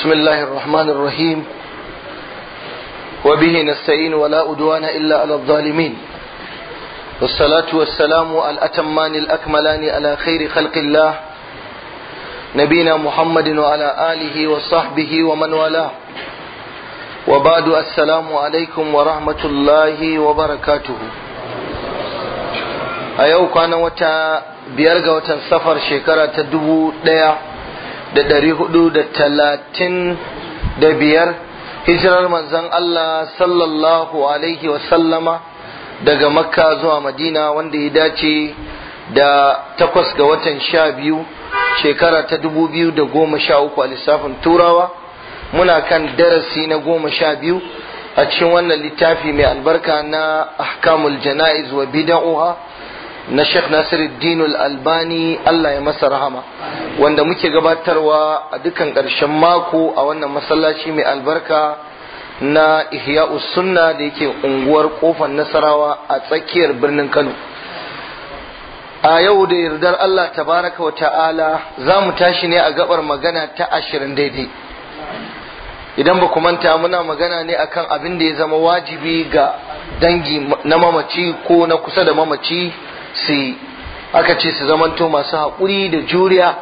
بسم الله الرحمن الرحيم وبه نستعين ولا أدوان إلا على الظالمين والصلاة والسلام الأتمان الأكملان على خير خلق الله نبينا محمد وعلى آله وصحبه ومن والاه وبعد السلام عليكم ورحمة الله وبركاته أيوك أنا وتا بيرغة وتنسفر شكرة تدبو ديا da ɗari hudu da talatin da biyar hijirar manzon Allah sallallahu alaihi wasallama daga makka zuwa madina wanda ya dace da takwas ga watan sha biyu shekara ta dubu biyu da goma sha uku a lissafin turawa muna kan darasi na goma sha biyu a cikin wannan littafi mai albarka na ahkamul jana'iz wa bida'uha na Sheikh Nasiruddin Al-Albani Allah ya masa rahama wanda muke gabatarwa a dukan ƙarshen mako a wannan masallaci mai albarka na Ihya'u Sunna da yake unguwar kofar Nasarawa a tsakiyar birnin Kano a yau da yardar Allah tabaraka wa ta'ala za mu tashi ne a gabar magana ta ashirin daidai idan ba ku manta muna magana ne akan abin da ya zama wajibi ga dangi na mamaci ko na kusa da mamaci su aka ce su zamanto masu haƙuri da juriya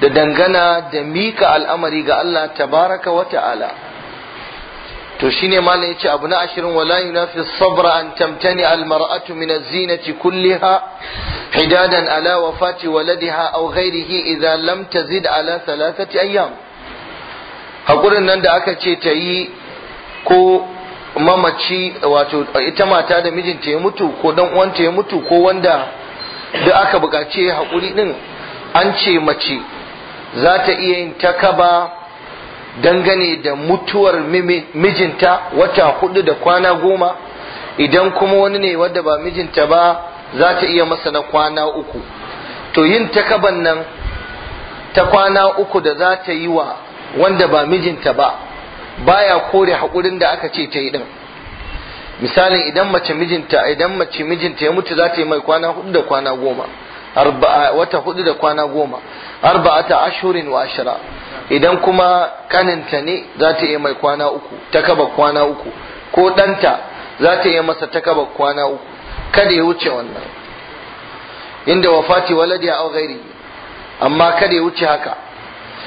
da dangana da mika al'amari ga Allah tabaraka wa ta'ala to shine malam yace abu na ashirin wala yunafi sabra an tamtani al mar'atu min az-zinati kulliha hidadan ala wafati waladiha aw ghayrihi lamta lam tazid ala thalathati ayyam hakurin nan da aka ce ta yi ko mamaci wato ita mata da mijinta ya mutu ko dan uwanta ya mutu ko wanda da aka buƙaci haƙuri ɗin an ce mace za ta iya yin takaba dangane da mutuwar mijinta wata hudu da kwana goma idan kuma wani ne wadda ba mijinta ba za ta iya masa na kwana uku to yin takaban nan ta kwana uku da za ta yi wa wanda ba mijinta ba baya kore haƙurin da aka ce ta yi ɗin misali idan mace mijinta idan mace mijinta ya mutu za ta yi mai kwana hudu da kwana goma wata hudu da kwana goma arba'ata ashurin wa ashira. idan kuma kaninta ne za ta yi mai kwana uku ta kaba kwana uku ko ɗanta za ta yi masa ta kaba kwana uku kada ya wuce wannan inda wafati waladi a ghairi amma kada ya wuce haka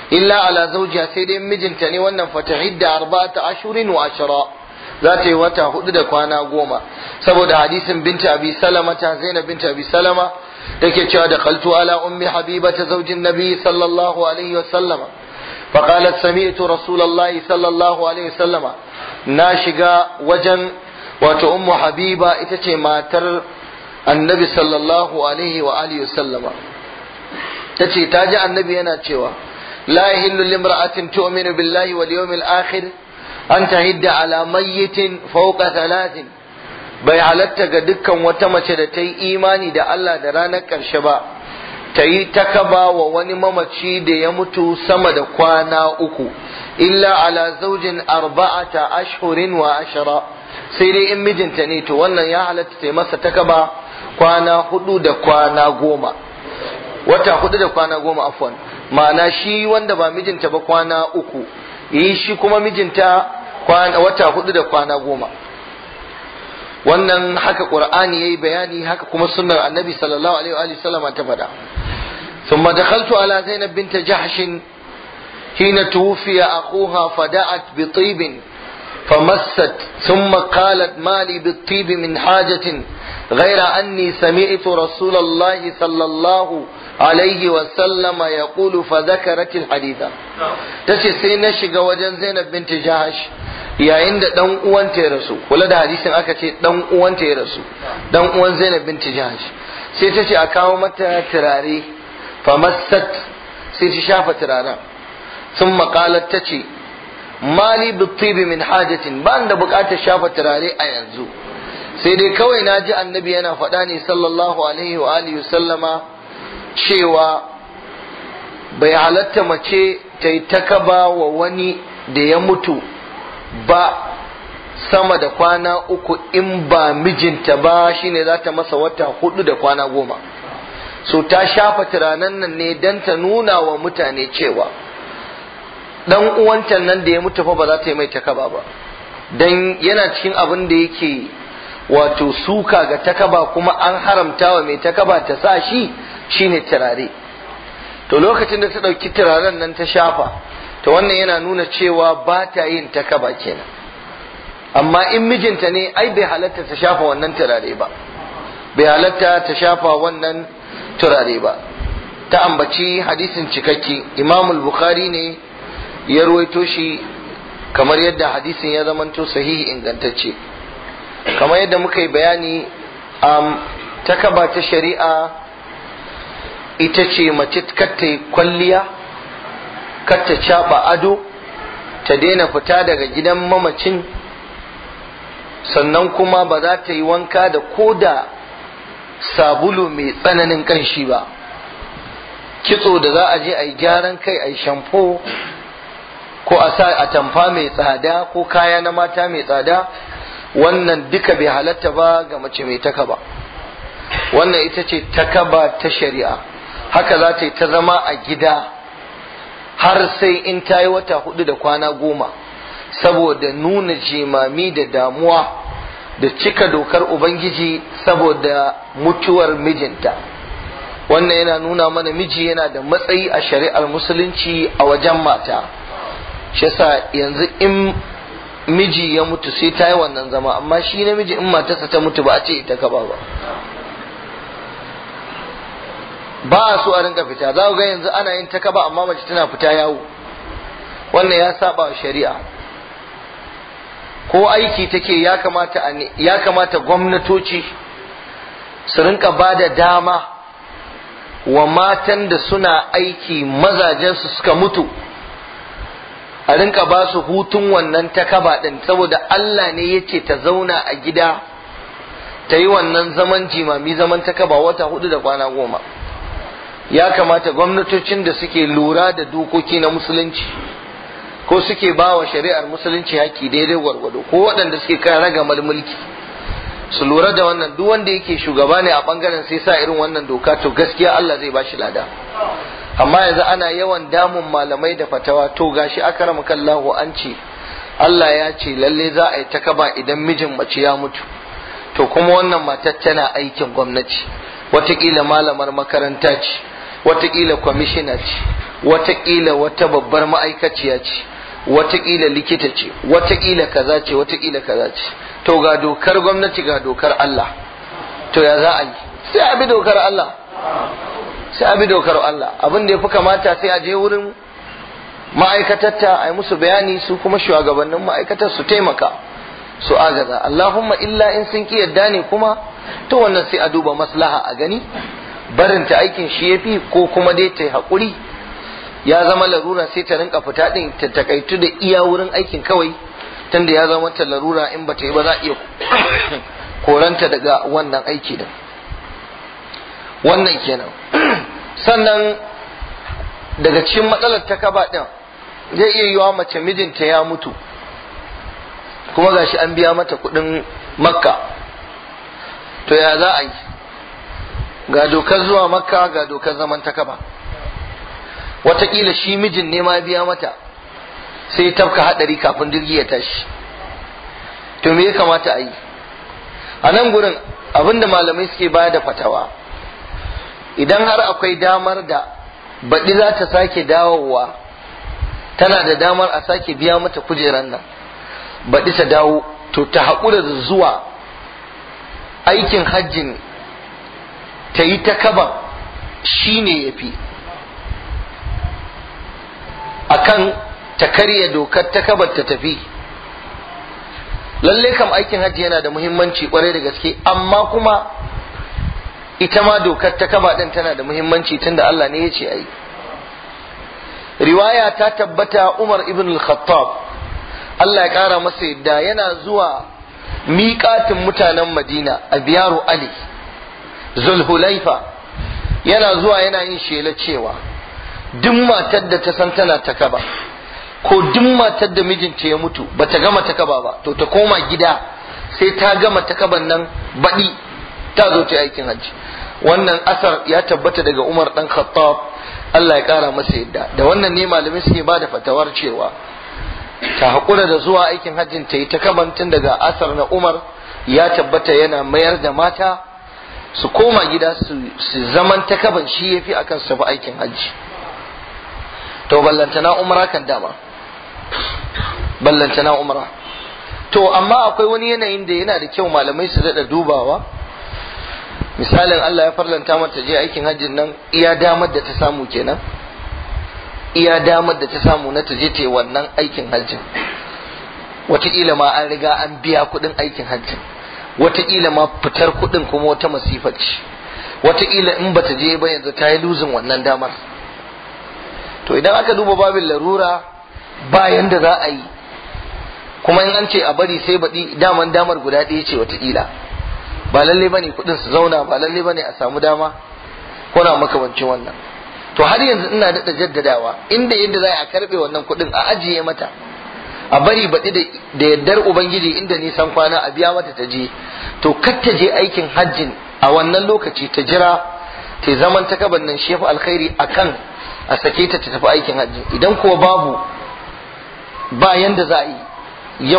illa ala zaujiya sai dai mijinta ne wannan fatahid da arba'ata ashurin wa ashira. za ta yi wata hudu da kwana goma saboda hadisin binta abi salama ta zainab binta abi salama take cewa da kaltu ala ummi habiba ta zaujin nabi sallallahu alaihi wa sallama na shiga wajen wato الله Habiba ita ce matar annabi Sallallahu alaihi wa النبي صلى الله ta وآله وسلم تتي تاجع النبي أنا تشوى لا يهل لامرأة billahi بالله واليوم الآخر an hidda ala mayyitin fawqa thalathin bai halatta ga dukkan wata mace da ta yi imani da Allah da ranar ƙarshe ba ta yi takaba wa wani mamaci da ya mutu sama da kwana uku illa ala zaujin arba'ata ashhurin wa ashara sai dai in mijinta ne to wannan ya halatta ta yi masa takaba kwana hudu da kwana goma wata hudu da kwana goma afwan ma'ana shi wanda ba mijinta ba kwana uku yi e, shi kuma mijinta wata hudu da kwana goma wannan haka qur'ani yayi bayani haka kuma sunnar annabi sallallahu alaihi wa alihi sallama ta fada thumma ala zainab bint jahsh hina tuwfiya akhuha fada'at bi tayb فمست ثم قالت مالي بالطيب من حاجة غير أني سمعت رسول الله صلى alaihi wasallama ya kulu fa zakaratil haditha ta ce sai na shiga wajen zainab binti jahash yayin da dan ya rasu kula da hadisin aka ce dan uwanta ya rasu dan uwan zainab binti jahash sai ta ce a kawo mata turare fa sai ta shafa turaren sun makalar ta ce mali bi min hajatin ba da bukatar shafa turare a yanzu sai dai kawai na ji annabi yana faɗa ne sallallahu alaihi wa alihi sallama cewa bai halatta mace ta yi takaba wa wani da ya mutu ba sama da kwana uku in ba mijinta ba shine za ta masa wata hudu da kwana goma so ta shafa turanen nan ne don ta nuna wa mutane cewa dan uwantan nan da ya mutu fa ba za ta yi mai takaba ba dan yana cikin abin da yake wato suka ga takaba kuma an haramta wa mai takaba ta sa shi shine turare to lokacin da ta ɗauki turaren nan ta shafa to wannan yana nuna cewa ba ta yin ta kaba kenan amma in mijinta ne ai bai halatta ta shafa wannan turare ba bai halatta ta shafa wannan turare ba ta ambaci hadisin cikakke Imamul bukhari ne ya ruwaito shi kamar yadda hadisin ya zamanto sahihi ingantacce kamar yadda muka yi bayani um, ta kaba ta shari'a ita ce mace katta yi kwalliya katta caɓa ado ta daina fita daga gidan mamacin sannan kuma ba za ta yi wanka da koda sabulu mai tsananin ƙanshi ba kitso da za a je a yi gyaran kai a yi shamfo ko a sa a tamfa mai tsada ko kaya na mata mai tsada wannan duka bai halatta ba ga mace mai takaba wannan ita ce takaba ta shari'a haka za ta yi ta zama a gida har sai in ta yi wata hudu da kwana goma saboda nuna jimami da damuwa da cika dokar ubangiji saboda mutuwar mijinta wannan yana nuna mana miji yana da matsayi a shari'ar musulunci a wajen mata shi sa yanzu in miji ya mutu sai ta yi wannan zama amma shi namiji in matarsa ta mutu ba a ce ita ka ba ba ba su so a rinka fita za ku ga yanzu ana yin ta kaba amma mace tana fita yawo wannan ya saba shari'a ko aiki take ya kamata ya kamata gwamnatoci su rinka ba da dama wa matan da suna aiki mazajen su suka mutu a rinka ba su hutun wannan takaba din saboda Allah ne ya ta zauna a gida ta yi wannan zaman jimami zaman takaba wata hudu da kwana goma ya kamata gwamnatocin da suke lura da dokoki na musulunci ko suke ba wa shari'ar musulunci haƙƙi daidai gwargwado ko waɗanda suke kan ragamar mulki su lura da wannan duk wanda yake shugaba ne a ɓangaren sai sa irin wannan doka to gaskiya Allah zai bashi lada amma yanzu ana yawan damun malamai da fatawa to gashi akramu kallahu an ce Allah ya ce lalle za a yi takaba idan mijin mace ya mutu to kuma wannan matar tana aikin gwamnati watakila malamar makaranta ce watakila kwamishina ce watakila wata babbar ma'aikaciya ce watakila likita ce watakila kaza ce watakila kaza ce to ga dokar gwamnati ga dokar Allah to ya za a yi sai a bi dokar Allah sai a bi dokar Allah abin da ya fi kamata sai a je wurin ma'aikatarta a yi musu bayani su kuma shugabannin ma'aikatar su taimaka su agaza Allahumma illa in sun ki yadda ne kuma to wannan sai a duba maslaha a gani barin ta aikin shi ya fi ko kuma dai ta hakuri, ya zama larura sai ta rinka fita ɗin ta takaitu da iya wurin aikin kawai tunda ya zama ta larura in ba ta yi ba za a iya koranta daga wannan aiki din wannan kenan sannan daga cikin matsalar ta kaba ɗin zai iya yiwa mace mijinta ya mutu kuma gashi an biya mata kuɗin makka to ya za a yi ga dokar zuwa makka ga dokar zaman ta kaba wataƙila shi mijin ne ma biya mata sai tafka haɗari kafin jirgi ya tashi to me ya kamata a yi a nan gurin abinda malamai suke baya da fatawa idan har akwai damar da baɗi za ta sake dawowa tana da damar a sake biya mata kujeran nan baɗi ta dawo to ta haƙura zuwa aikin hajjin ta yi ta kaban shi ne ya fi a kan ta karya dokar ta kabar ta tafi lalle kam aikin hajji yana da muhimmanci kwarai da gaske amma kuma ita ma dokar ta kaba ɗin tana da muhimmanci da Allah ne ya ce a yi. riwaya ta tabbata Umar ibn al-Khattab Allah ya kara masa yadda yana zuwa miƙatin mutanen Madina a biyaru Ali zulhulaifa yana zuwa yana yin shela cewa duk matar da ta san tana ta ko duk matar da mijinta ya mutu ba ta gama takaba ba to ta koma gida sai ta gama takaban nan baɗi ta zo ta aikin hajji wannan asar ya tabbata daga umar dan khattab Allah ya kara masa yadda da wannan ne malamai suke ba da fatawar cewa ta hakura da zuwa aikin hajjin ta yi ta tun daga asar na umar ya tabbata yana mayar da mata su koma gida su zaman ta kaban shi fi akan su tafi aikin hajji to ballantana umara kan dama ballantana umara to amma akwai wani yanayin da yana da kyau malamai su daɗa dubawa misalin Allah ya farlanta mata je aikin hajjin nan iya damar da ta samu kenan iya damar da ta samu na ta je ta wannan aikin hajjin wataƙila ma an riga an biya kuɗin aikin hajjin wataƙila ma fitar kuɗin kuma wata masifa ce wataƙila in bata je ba yanzu ta yi luzin wannan damar to idan aka duba babin larura bayan da za a yi kuma in an ce a bari sai baɗi daman damar guda ɗaya ce wataƙila ba lalle bane kuɗin su zauna ba lalle bane a samu dama ko na makamancin wannan to har yanzu ina daɗa jaddadawa inda yadda za a karɓe wannan kuɗin a ajiye mata a bari baɗi da yardar ubangiji inda nisan kwana a biya mata ta je to kar ta je aikin hajjin a wannan lokaci ta jira ta zaman ta kaban nan shefu alkhairi kan a sake ta ta tafi aikin hajji idan kuwa babu Bayan da za a yi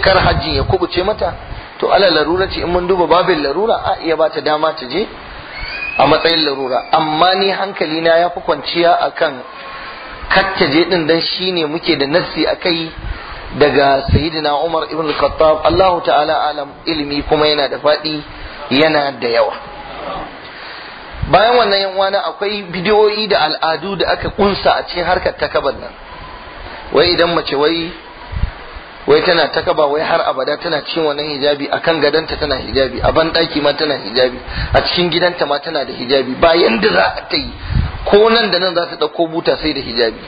kar hajji ya kubuce mata to ala larura ce in mun duba babin larura a iya ba ta dama ta je a matsayin larura amma ni hankali na ya fi kwanciya akan je din dan shine muke da nassi akai daga sayyidina Umar ibn al-Khattab Allahu ta'ala alam ilimi kuma yana da fadi yana da yawa bayan wannan yan uwana akwai bidiyoyi da al'adu da aka kunsa a cikin harkar takabar nan wai idan mace wai wai tana takaba wai har abada tana cikin wannan hijabi akan gadanta tana hijabi a ban daki ma tana hijabi a cikin gidanta ma tana da hijabi bayan da za ta yi ko nan da nan za ta ɗauko buta sai da hijabi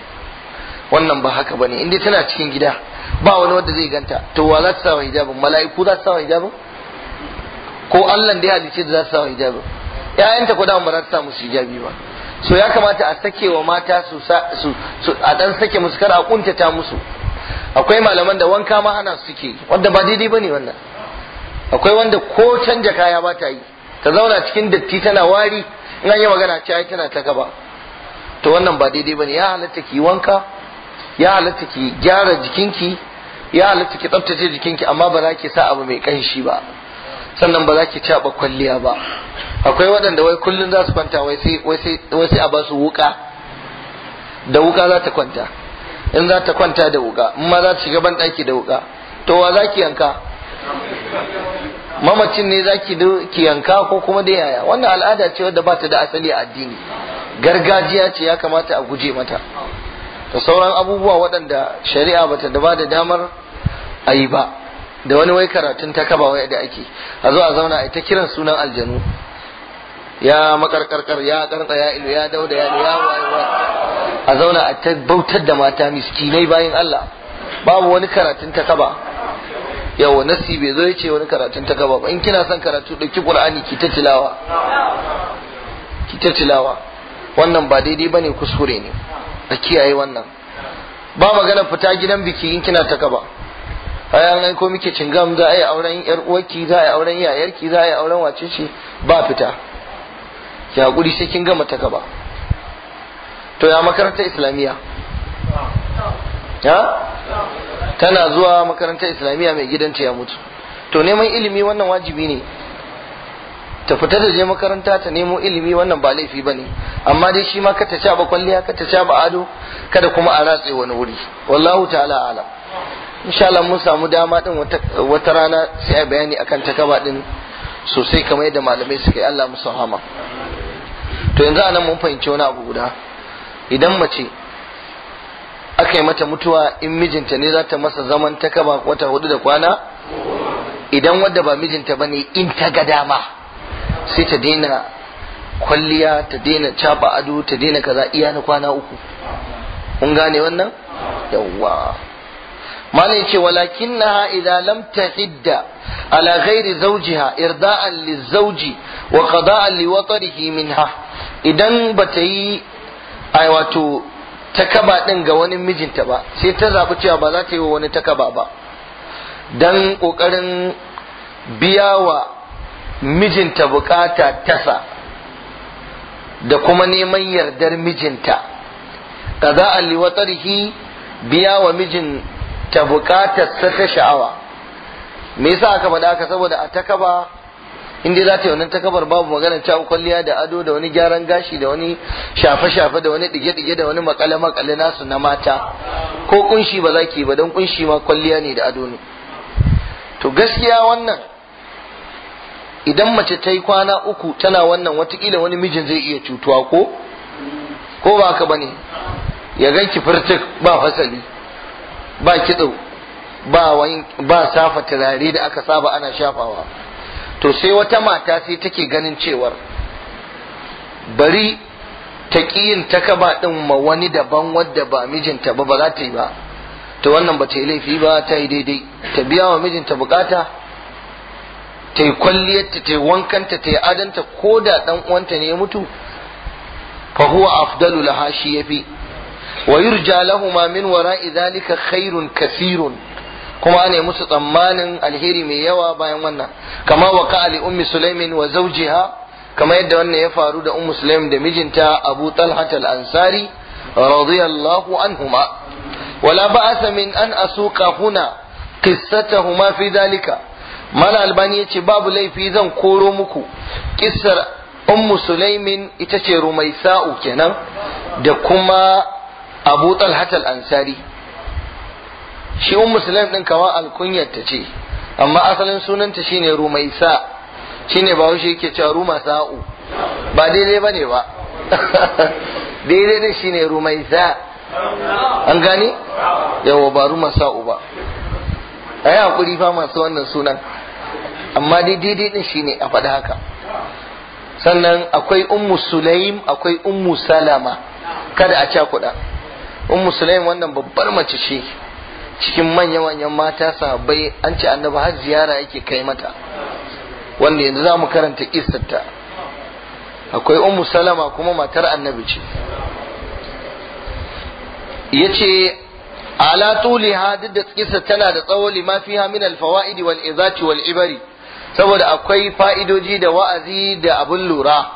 wannan ba haka bane in tana cikin gida ba wani wanda zai ganta to wa za ta sa hijabin mala'iku za ta sa hijabin ko Allah da ya halice da za ta sa hijabin ƴaƴanta ko da ba za ta sa musu hijabi ba so ya kamata a sake wa mata su su a dan sake musu kar a kuntata musu akwai malaman da wanka ma hana su suke wanda ba daidai bane wannan akwai wanda ko canja kaya ba ta yi ta zauna cikin datti tana wari in an yi magana ce ai tana ta gaba to wannan ba daidai bane ya halatta ki wanka ya halatta ki gyara jikinki ya halatta ki tsaftace jikinki amma ba za ki sa abu mai kanshi ba sannan ba za ki caba kwalliya ba akwai waɗanda wai kullun za su kwanta wai sai wai sai a ba su wuka da wuka za ta kwanta in za ta kwanta da wuka in ma za ta shiga ban ɗaki da wuka to wa za ki yanka mamacin ne za ki yanka ko kuma da yaya wannan al'ada ce wadda ba ta da asali a addini gargajiya ce ya kamata a guje mata da sauran abubuwa waɗanda shari'a ba ta ba da damar a yi ba da wani wai karatun ta kaba wai da ake a zo a zauna a ta kiran sunan aljanu ya makarkarkar ya karka ya ilu ya dauda ya ya a zauna a ta bautar da mata miskinai bayan Allah babu wani karatun ta kaba yawa nasi bai zo ya ce wani karatun ta gaba ba in kina son karatu ɗauki qur'ani ki ta tilawa ki ta tilawa wannan ba daidai bane kuskure ne a kiyaye wannan ba magana fita gidan biki in kina ta gaba ai ko muke cingam za a yi auren yar uwarki za a yi auren yayarki za a yi auren wacece ba fita ki hakuri sai kin gama ta gaba to ya makarantar islamiyya ya tana zuwa makarantar islamiyya mai gidanta ya mutu to neman ilimi wannan wajibi ne ta fita da je makaranta ta nemo ilimi wannan ba laifi ba ne. amma dai shi ma kata ta ba kwalliya kata ta ba ado kada kuma a ratse wani wuri wallahu ta'ala ala insha Allah mun samu dama din wata rana sai a bayani akan takaba din sosai kamar yadda malamai suka yi Allah musu hama to yanzu anan mun fahimci wani abu guda idan mace aka yi mata mutuwa in mijinta ne za ta masa zaman ta kaba wata hudu da kwana idan wadda ba mijinta ba ne in ta ga dama sai ta daina kwalliya ta daina caba ado ta daina kaza iya na kwana uku kun gane wannan yawwa malai ce walakin na idza lam hidda ala ghairi zawjiha irda'an zauji wa qada'an rikimin minha idan bata yi ai wato takaba din ga wani mijinta ba sai ta zaɓi cewa ba za ta yi wa wani takaba ba Dan ƙoƙarin biya wa mijinta bukata tasa da kuma neman yardar mijinta kaza alliwatarhi biya wa mijinta bukatarsa ta sha'awa me yasa aka faɗa haka saboda a takaba in dai za ta yi wannan takabar babu magana ta kwalliya da ado da wani gyaran gashi da wani shafe-shafe da wani dige-dige da wani makale-makale nasu na mata ko kunshi ba za ki ba don kunshi ma kwalliya ne da ado ne to gaskiya wannan idan mace ta yi kwana uku tana wannan watakila wani mijin zai iya cutuwa ko ko ba ka bane ya ganki furtuk ba fasali ba kitso ba safa turare da aka saba ana shafawa to sai wata mata sai take ganin cewar bari ta yin takaba ɗin ma wani daban wadda ba mijinta ba ba za ta yi ba to wannan ba ta yi laifi ba ta yi daidai ta biya wa mijinta bukata ta yi kwalliyarta ta yi wankanta ta yi adanta ko da ɗan uwanta ne ya mutu fa huwa afdalu laha shi yafi wa yurja lahuma min wara'i zalika khairun kasirun kuma ne musu tsammanin alheri mai yawa bayan wannan kama wa ka'ali ummi sulaimin wa zaujiha, kama yadda wannan ya faru da ummu sulaim da mijinta abu talhat al-ansari radiyallahu anhuma wala ba'asa min an asuka huna qissatahuma fi dalika mala albani yace babu laifi zan koro muku kissar ummu sulaimin ita ce rumaisa'u kenan da kuma abu talhat al-ansari shi un musulun din kama alkunyar ta ce amma asalin sunanta shine rumaisa shine ba wuce yake cewa ruma sa'u ba daidai ba ne ba daidai ne shine rumaisa an gani yawa ba ruma sa'u ba a yi hakuri fa masu wannan sunan amma daidai din shine a faɗi haka sannan akwai ummu sulaim akwai ummu salama kada a cakuɗa ummu sulaim wannan babbar mace ce cikin manya manyan mata sabai an ce annabi har ziyara yake kai mata wanda yanzu za mu karanta kisarta akwai ummu salama kuma matar annabi ce yace ala tuli hadid da kisar tana da tsawo lima fiha min al wal izati wal ibari saboda akwai fa'idoji da wa'azi da abin lura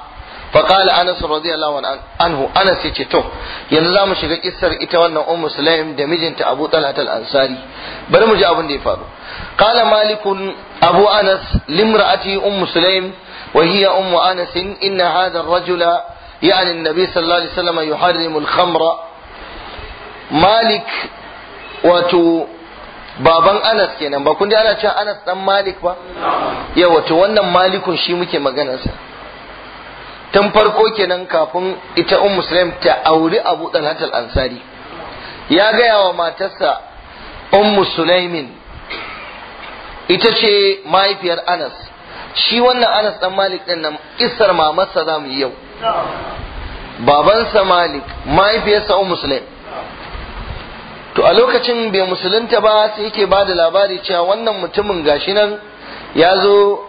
فقال انس رضي الله عنه انس yace to yanzu zamu shiga kissar ita wannan ام سليم da mijinta abu طلحه الانصاري ansari bari mu ji abin da ya faru qala malikun abu anas limra'ati ummu sulaim wa hiya ummu rajula يعني النبي صلى الله عليه وسلم يحرم الخمر مالك وتو baban Anas kenan ba kun ana cewa Anas dan Malik ba yawa to wannan Malikun shi muke maganar sa tun farko kenan kafin ita Un muslim ta auri abu talhat ansari ya gaya wa matarsa Un sulaimin ita ce mahaifiyar anas shi wannan anas ɗan malik din nan kissar mamarsa za mu yi yau babansa malik mahaifiyarsa Un muslim to a lokacin bai musulunta ba sai yake ba da labari cewa wannan mutumin gashi nan ya zo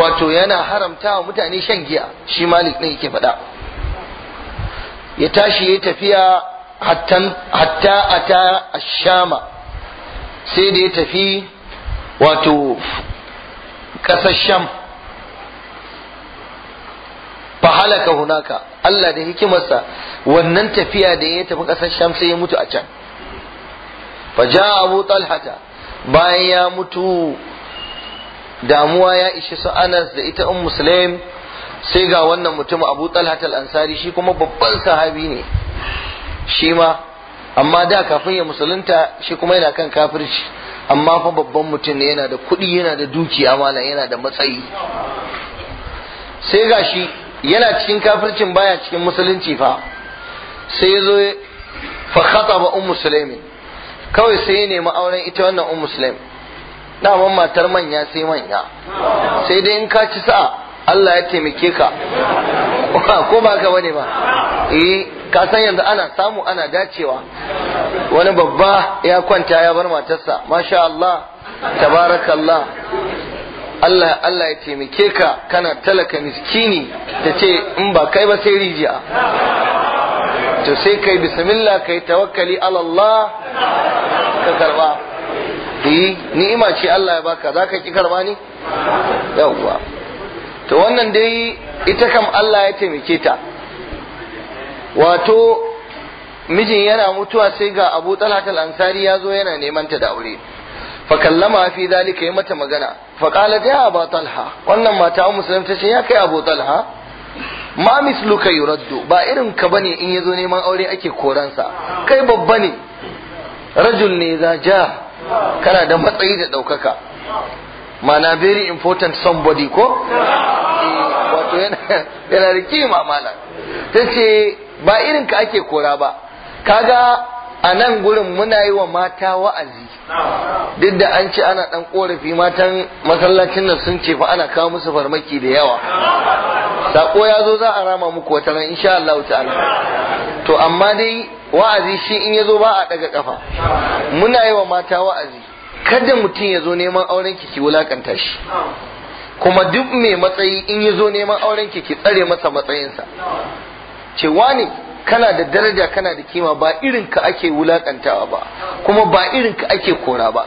wato yana haramta wa mutane shan giya shi malik ne yake faɗa ya tashi ya tafiya hatta ata shama sai da ya tafi wato ƙasar sham fahalaka hunaka Allah da hikimarsa wannan tafiya da ya tafi ƙasar sham sai ya mutu a can faja abu talhata bayan ya mutu damuwa ya ishi su Anas da ita in umm Muslim sai ga wannan mutum Abu Talha al-Ansari shi kuma babban sahabi ne shi ma amma da kafin ya musulunta shi kuma yana kan kafirci amma fa babban mutum ne yana da kuɗi yana da dukiya amana yana da matsayi sai ga shi yana cikin kafircin baya cikin musulunci fa sai ya zo fa khataba um Musulmin kawai sai ya nemi auren ita wannan um Musulmin. daman matar manya sai manya sai dai in ka ci sa Allah ya taimake ka ko ba ka bane ba eh ka san yanzu ana samu ana dacewa wani babba ya kwanta ya bar matarsa masha Allah tabarakallah Allah Allah ya taimake ka kana talaka miskini ta ce in ba kai ba sai rijiya to sai kai bismillah kai tawakkali ala Allah ka karba eh ni'ima ce Allah ya baka zaka ki karba ni yawwa to wannan dai ita kam Allah ya taimake ta wato mijin yana mutuwa sai ga Abu talatal ansari ya zo yana neman ta da aure fa kallama fi dalika yi mata magana fa qalat ya Abu Talha wannan mata musulmi ta ce ya kai Abu Talha ma misluka yuraddu ba irin ka bane in ya zo neman aure ake koransa kai babba ne rajul ne za ja kana da matsayi da ɗaukaka mana very important somebody ko wato yana da kima mala ta ce ba irin ka ake kora ba kaga a nan gurin muna yi wa mata wa'azi duk da an ce ana ɗan korafi matan masallacin nan sun ce fa ana kawo musu farmaki da yawa sako ya zo za a rama muku wata ran insha Allah ta'ala to amma dai wa'azi shi in ya zo ba a daga kafa muna yi wa mata wa'azi kada mutum ya zo neman auren ki ki wulakanta shi kuma duk mai matsayi in ya zo neman auren ki ki tsare masa matsayinsa ce wani kana da daraja kana da kima ba irin ka ake wulakantawa ba kuma ba irin ka ake kora ba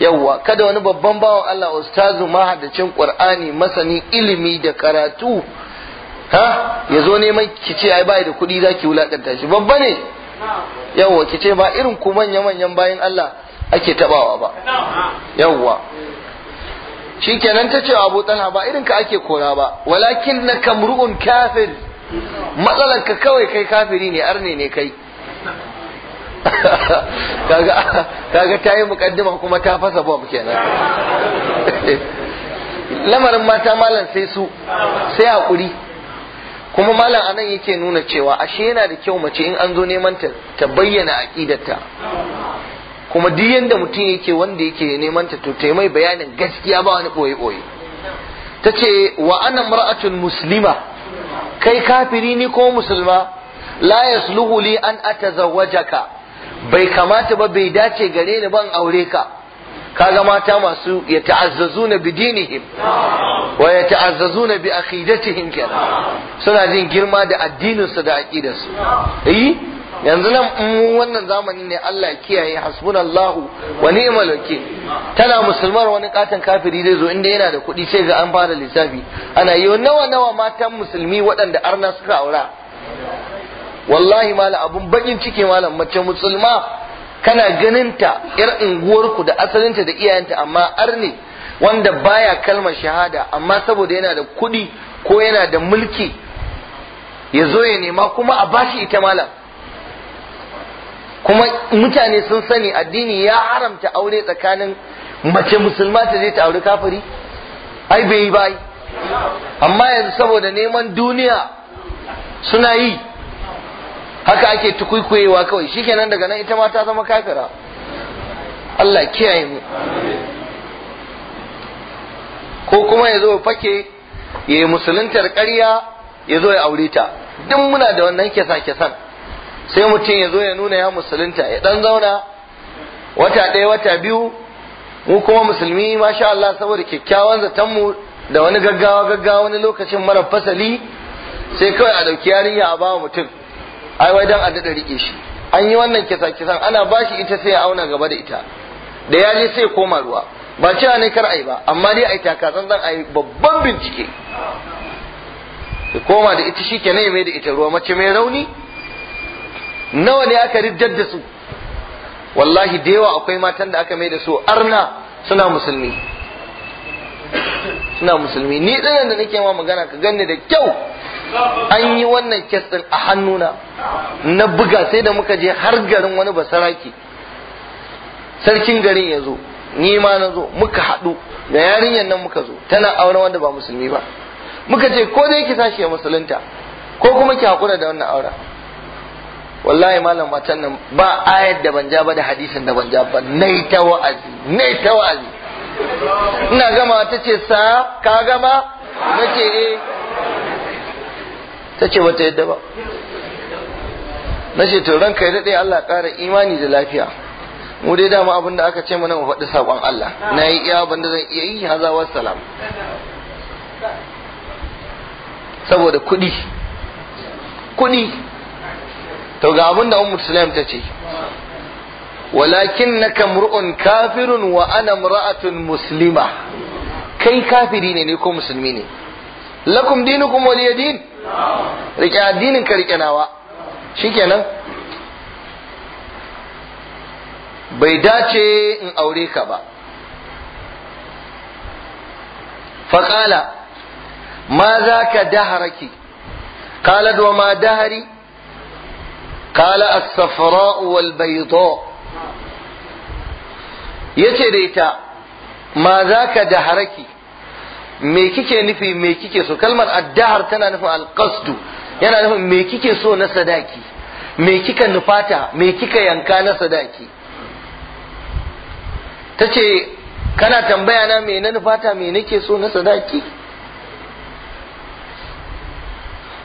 yawwa kada wani babban bawa Allah ustazu mahaddacin Qur'ani masani ilimi da karatu ha ya zo neman ki ce ai bai da kuɗi zaki wulakanta shi babba ne yawwa ki ce ba irin ku manya manyan bayin Allah ake tabawa ba yawwa shikenan ta ce Abu Talha ba irin ka ake kora ba walakin na kamru'un kafir matsalar ka kawai kai kafiri ne arne ne kai kaga ta yi mukaddima kuma ta fasa bom kenan lamarin mata malam sai su sai hakuri kuma malam anan yake nuna cewa ashe yana da kyau mace in an zo neman ta ta bayyana aqidarta kuma duk yanda mutum yake wanda yake neman ta to taimai mai bayanin gaskiya ba wani boye boye tace wa ana mar'atun muslima kai kafiri ni ko musulma la yasluhu li an atazawwajaka bai kamata ba bai dace gare ni ban aure ka kaga mata masu ya ta'azzazuna bi dinihim wa ya ta'azzazuna bi aqidatihim kenan suna jin girma da addinin su da aqidarsu eh yanzu nan mu wannan zamani ne Allah ya kiyaye hasbunallahu wa ni'mal wakil tana musulmar wani katon kafiri zai zo inda yana da kuɗi sai ga an fara lissafi ana yi nawa nawa matan musulmi waɗanda arna suka aura wallahi mala abun bakin ciki malam mace musulma kana ganin ganinta yar ku da asalinta da iyayenta amma arne wanda baya kalmar shahada amma saboda yana da kuɗi ko yana da mulki ya zo ya nema kuma a bashi ita malam kuma mutane sun sani addini ya haramta aure tsakanin mace musulma ta je ta auri kafiri ai bai yi ba amma yanzu saboda neman duniya suna yi haka ake tukuikuyewa kawai shikenan daga nan ita ma ta zama kafira Allah kiyaye mu ko kuma ya zo fake ya yi musuluntar ƙarya ya zo ya aure ta duk muna da wannan kesa kesan sai mutum ya zo ya nuna ya musulunta ya dan zauna wata ɗaya wata biyu mu kuma musulmi masha Allah saboda kyakkyawan zatonmu da wani gaggawa gaggawa wani lokacin mara fasali sai kawai a ɗauki yarinya a bawa mutum ai wai dan a daɗa riƙe shi an yi wannan kisa kisan ana bashi ita sai ya auna gaba da ita da ya je sai koma ruwa ba cewa ne kar ai ba amma dai ai zan zan ai babban bincike koma da ita shi ne mai da ita ruwa mace mai rauni nawa ne aka riddar da su wallahi da yawa akwai matan da aka mai da su arna suna musulmi suna musulmi ni ɗin da nake ma magana ka ganni da kyau an yi wannan kes a hannuna na buga sai da muka je har garin wani basaraki sarkin garin ya zo ni ma na zo muka haɗu da yarinyar nan muka zo tana auren wanda ba musulmi ba muka ce ko dai ki sashi ya musulunta ko kuma ki haƙura da wannan auren wallahi malam matan nan ba ayat da ban ja ba da hadisin da ban ja ba nai ta wa'azi nai ta wa'azi ina gama ta ce sa ka gama nace eh ta ce wata yadda ba nace to ranka ya daɗe Allah ƙara imani da lafiya mu dai dama abin da aka ce mana mu faɗi saƙon Allah na yi iya abin da zan iya yi hazawar salam saboda kuɗi kuɗi to ga abin da ummu sulaim ta ce walakin na kamru'un kafirun wa ana mura'atun muslima kai kafiri ne ne ko musulmi ne lakum dinukum waliya din rike addinin ka rike nawa shikenan bai dace in aure ka ba faƙala ma za ka daharaki قالت وما دهري قال as والبيضاء wal bayda yace da ita ma zaka da haraki me kike nufi me kike so kalmar addahar tana nufin alqasdu yana nufin me kike so na sadaki me kika nufata me kika yanka na sadaki tace kana tambaya na me na nufata me nake so na sadaki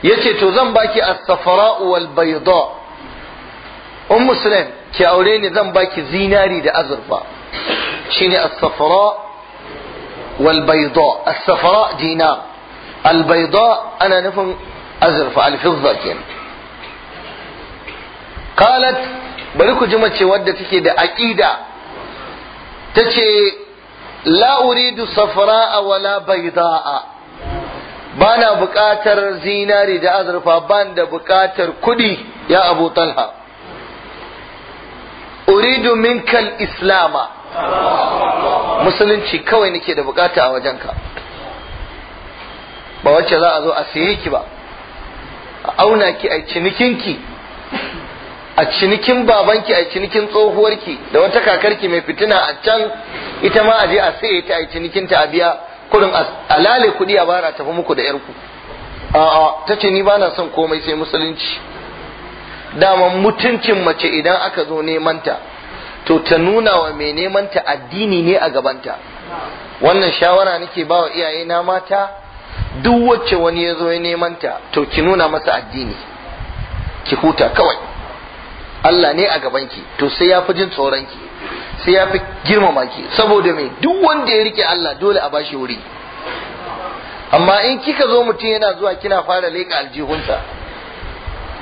yace to zan baki as safara wal bayda um muslim ki aure ni zan baki zinari da azurfa shine as-safra wal bayda as-safra dinar al ana nufin azurfa al-fidda kenan qalat bari ku ji mace wadda take da aqida tace la'uridu uridu safra'a wala bayda'a bana buƙatar zinari da azurfa ban da buƙatar kuɗi ya abu talha uridu minkal islama musulunci kawai nake da bukata a wajenka ba wacce za a zo a siye ki ba a auna ki a cinikinki a cinikin babanki a cinikin tsohuwarki da wata kakarki mai fitina a can ita ma a je a saye ta a cinikin ta biya Kudin alale lale kuɗi a bara tafi muku da yarku a'a ta ce ni bana son komai sai musulunci daman mutuncin mace idan aka zo neman ta to ta nuna wa mai nemanta addini ne a gabanta wannan shawara nake ba wa iyaye na mata duk wacce wani ya zo ya neman ta to ki nuna masa addini ki huta kawai Allah ne a gabanki to sai ya fi jin tsoronki sai ya fi girmama ki saboda me duk wanda ya rike Allah dole a bashi wuri amma in kika zo mutum yana zuwa kina fara leƙa aljihunsa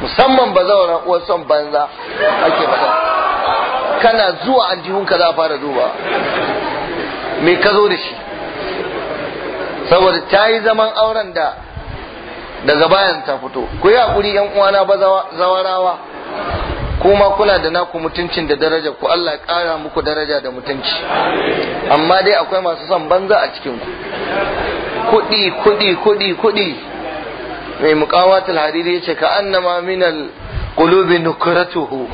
musamman ba zaura uwar son banza ake faɗa kana zuwa aljihunka za a fara duba me ka zo da shi saboda ta yi zaman auren da daga bayan ta fito ku yi haƙuri yan uwana ba zawarawa kuma kuna da naku mutuncin da daraja ku Allah ya ƙara muku daraja da mutunci amma dai akwai masu son banza a cikin ku kuɗi kuɗi kuɗi kuɗi mai muƙawatul hariri ya ce ka annama minal qulubi nukratuhu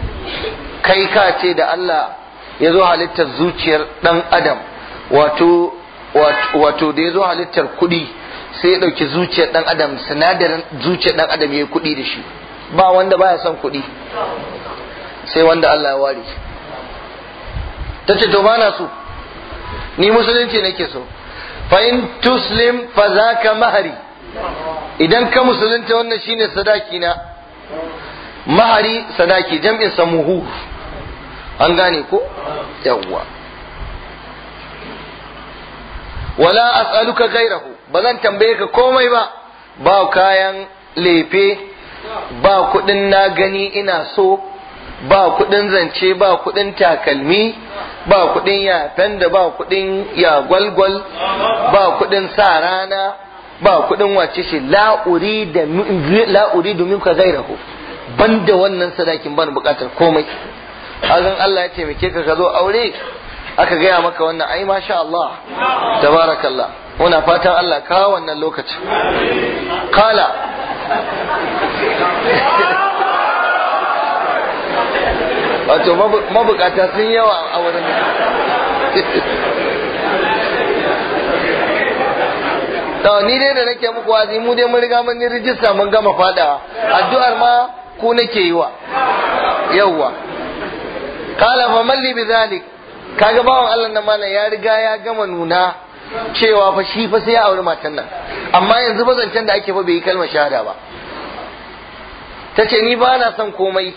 kai ka ce da Allah ya zo halittar zuciyar ɗan adam wato wato da ya zo halittar kuɗi sai ya ɗauki zuciyar ɗan adam sinadarin zuciyar ɗan adam ya yi kuɗi da shi ba wanda baya son kuɗi sai wanda Allah ya ware ta ce to ba na so ni musulunci nake so fa in tuslim fa zaka mahari idan ka musulunta wannan shine sadaki na mahari sadaki jam'in samuhu an gane ko yawwa wala as'aluka ghairahu ba zan tambaye ka komai ba ba kayan lefe ba kudin na gani ina so ba kudin zance ba kudin takalmi ba kudin yafen da ba kudin ya gwalgwal ba kudin sa rana ba kudin wace shi la'uri domin ka gairahu ban da wannan sadakin ban bukatar komai azan Allah ya taimake ka ka zo aure aka gaya maka wannan ai masha Allah tabarakallah muna fatan Allah ka wannan lokacin kala wato mabukata sun yawa a wurin to ni dai da nake muku wazi mu dai mun riga mun rijista mun gama fada addu'ar ma ku nake yi wa yawwa kala fa malli zalik kaga bawan Allah nan mana ya riga ya gama nuna cewa fa shi fa sai ya auri matan nan amma yanzu ba zancen da ake fa bai yi kalmar shahada ba tace ni ba na son komai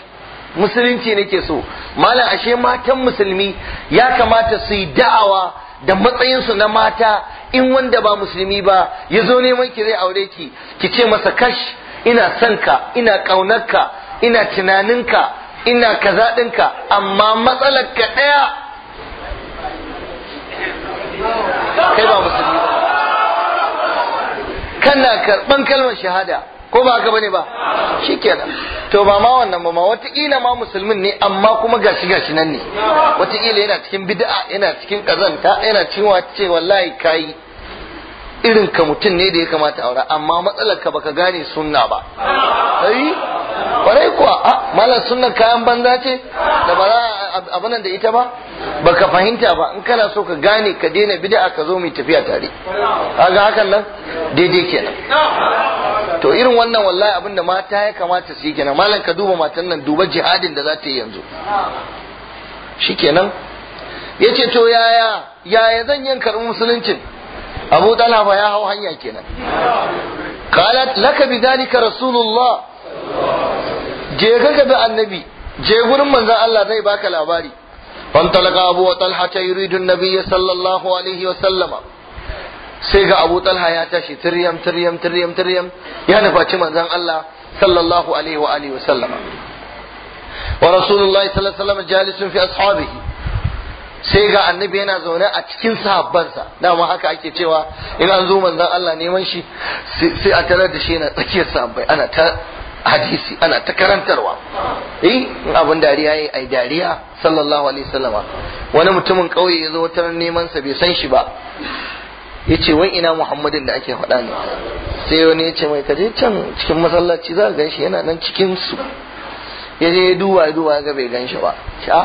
musulunci nake so malam ashe matan musulmi ya kamata su yi da'awa da matsayinsu na mata in wanda ba musulmi ba ya zo neman ki zai aure ki ki ce masa kash ina son ka ina ƙaunarka ina tunaninka ina kaza ɗinka amma matsalar ka ɗaya kai ba musulmi ba kana karɓan kalmar shahada ko ba haka bane ba shikenan to ba ma wannan ba ma wataƙila ma musulmin ne amma kuma gashi gashi nan ne wataƙila yana cikin bid'a yana cikin kazanta yana cikin wace wallahi kayi irin ka mutum ne da ya kamata aure. amma matsalar ka baka gane sunna ba ai kwarai kuwa a malam sunnan kayan banza ce da ba za a da ita ba baka fahimta ba in kana so ka gane ka daina bid'a ka zo mu tafiya tare kaga hakan nan daidai kenan to irin wannan wallahi abinda mata ya kamata su yi kenan malam ka duba matan nan duba jihadin da za ta yi yanzu shikenan yace to yaya yaya zan yin karɓi musuluncin abu talha ba ya hau hanya kenan qalat laka bidhalika rasulullah je ka ga annabi je gurin manzon Allah zai baka labari فانطلق أبو طلحة يريد النبي sallallahu alaihi wa sallama, sai ga abu talha ya tashi tiryam tiryam tiryam tiryam ya nufaci manzon Allah sallallahu alaihi wa alihi wa sallama wa rasulullahi sallallahu alaihi wa sallam jalisun fi ashabihi sai ga annabi yana zaune a cikin sahabbansa dama haka ake cewa in an zo manzon Allah neman shi sai a tarar da shi yana tsakiyar sahabbai ana ta hadisi ana ta karantarwa eh in abin dariya yayi ai dariya sallallahu alaihi wasallama wani mutumin kauye ya zo wata neman sa bai san shi ba yace wai ina Muhammadin da ake faɗa ne sai wani yace mai kaje can cikin masallaci za ka gan shi yana nan cikin su ya duwa duwa ga bai gan ba a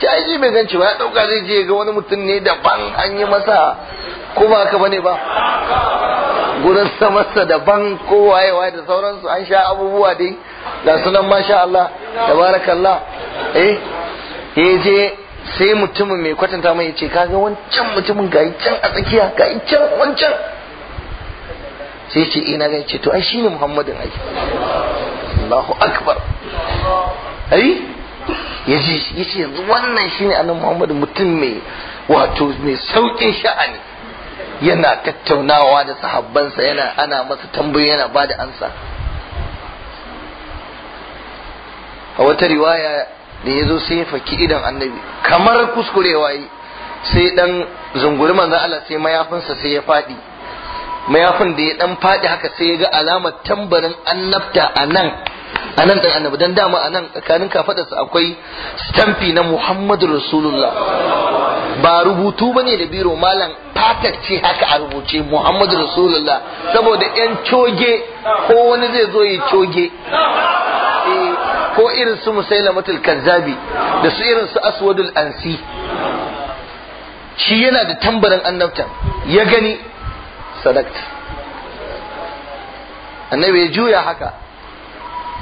ci mai bai ganci ba ya dauka zai je ga wani mutum ne daban an yi masa ko ba haka bane ba gurin samarsa daban ko wayewa da sauransu an sha abubuwa dai ga sunan masha Allah da Barakallah. eh ya je sai mutumin mai kwatanta mai ce kaga wancan mutumin ga can a tsakiya ga can wancan sai ce ina eh, ga ce to ai shine Muhammadin ai Allahu akbar ai ya ji ya ce yanzu wannan shine annan muhammadu mutum mai wato mai saukin sha'ani yana tattaunawa da sahabbansa yana ana masa tambayi yana ba da ansa a wata riwaya da ya zo sai ya faki idan annabi kamar kuskurewa yi sai dan zunguri manzo Allah sai mayafinsa sai ya faɗi mayafin da ya dan faɗi haka sai ya ga alamar tambarin annabta a nan a nan ɗan annabi don dama a nan tsakanin kafaɗarsa akwai stamfi na muhammadu rasulullah ba rubutu ba ne da biro malam fatar ce haka a rubuce muhammadu rasulullah saboda yan coge ko wani zai zo ya coge eh, ko irin su musailamatul kazzabi da su irin su aswadul ansi shi yana da tambarin annabtan ya gani sadakta annabi ya juya haka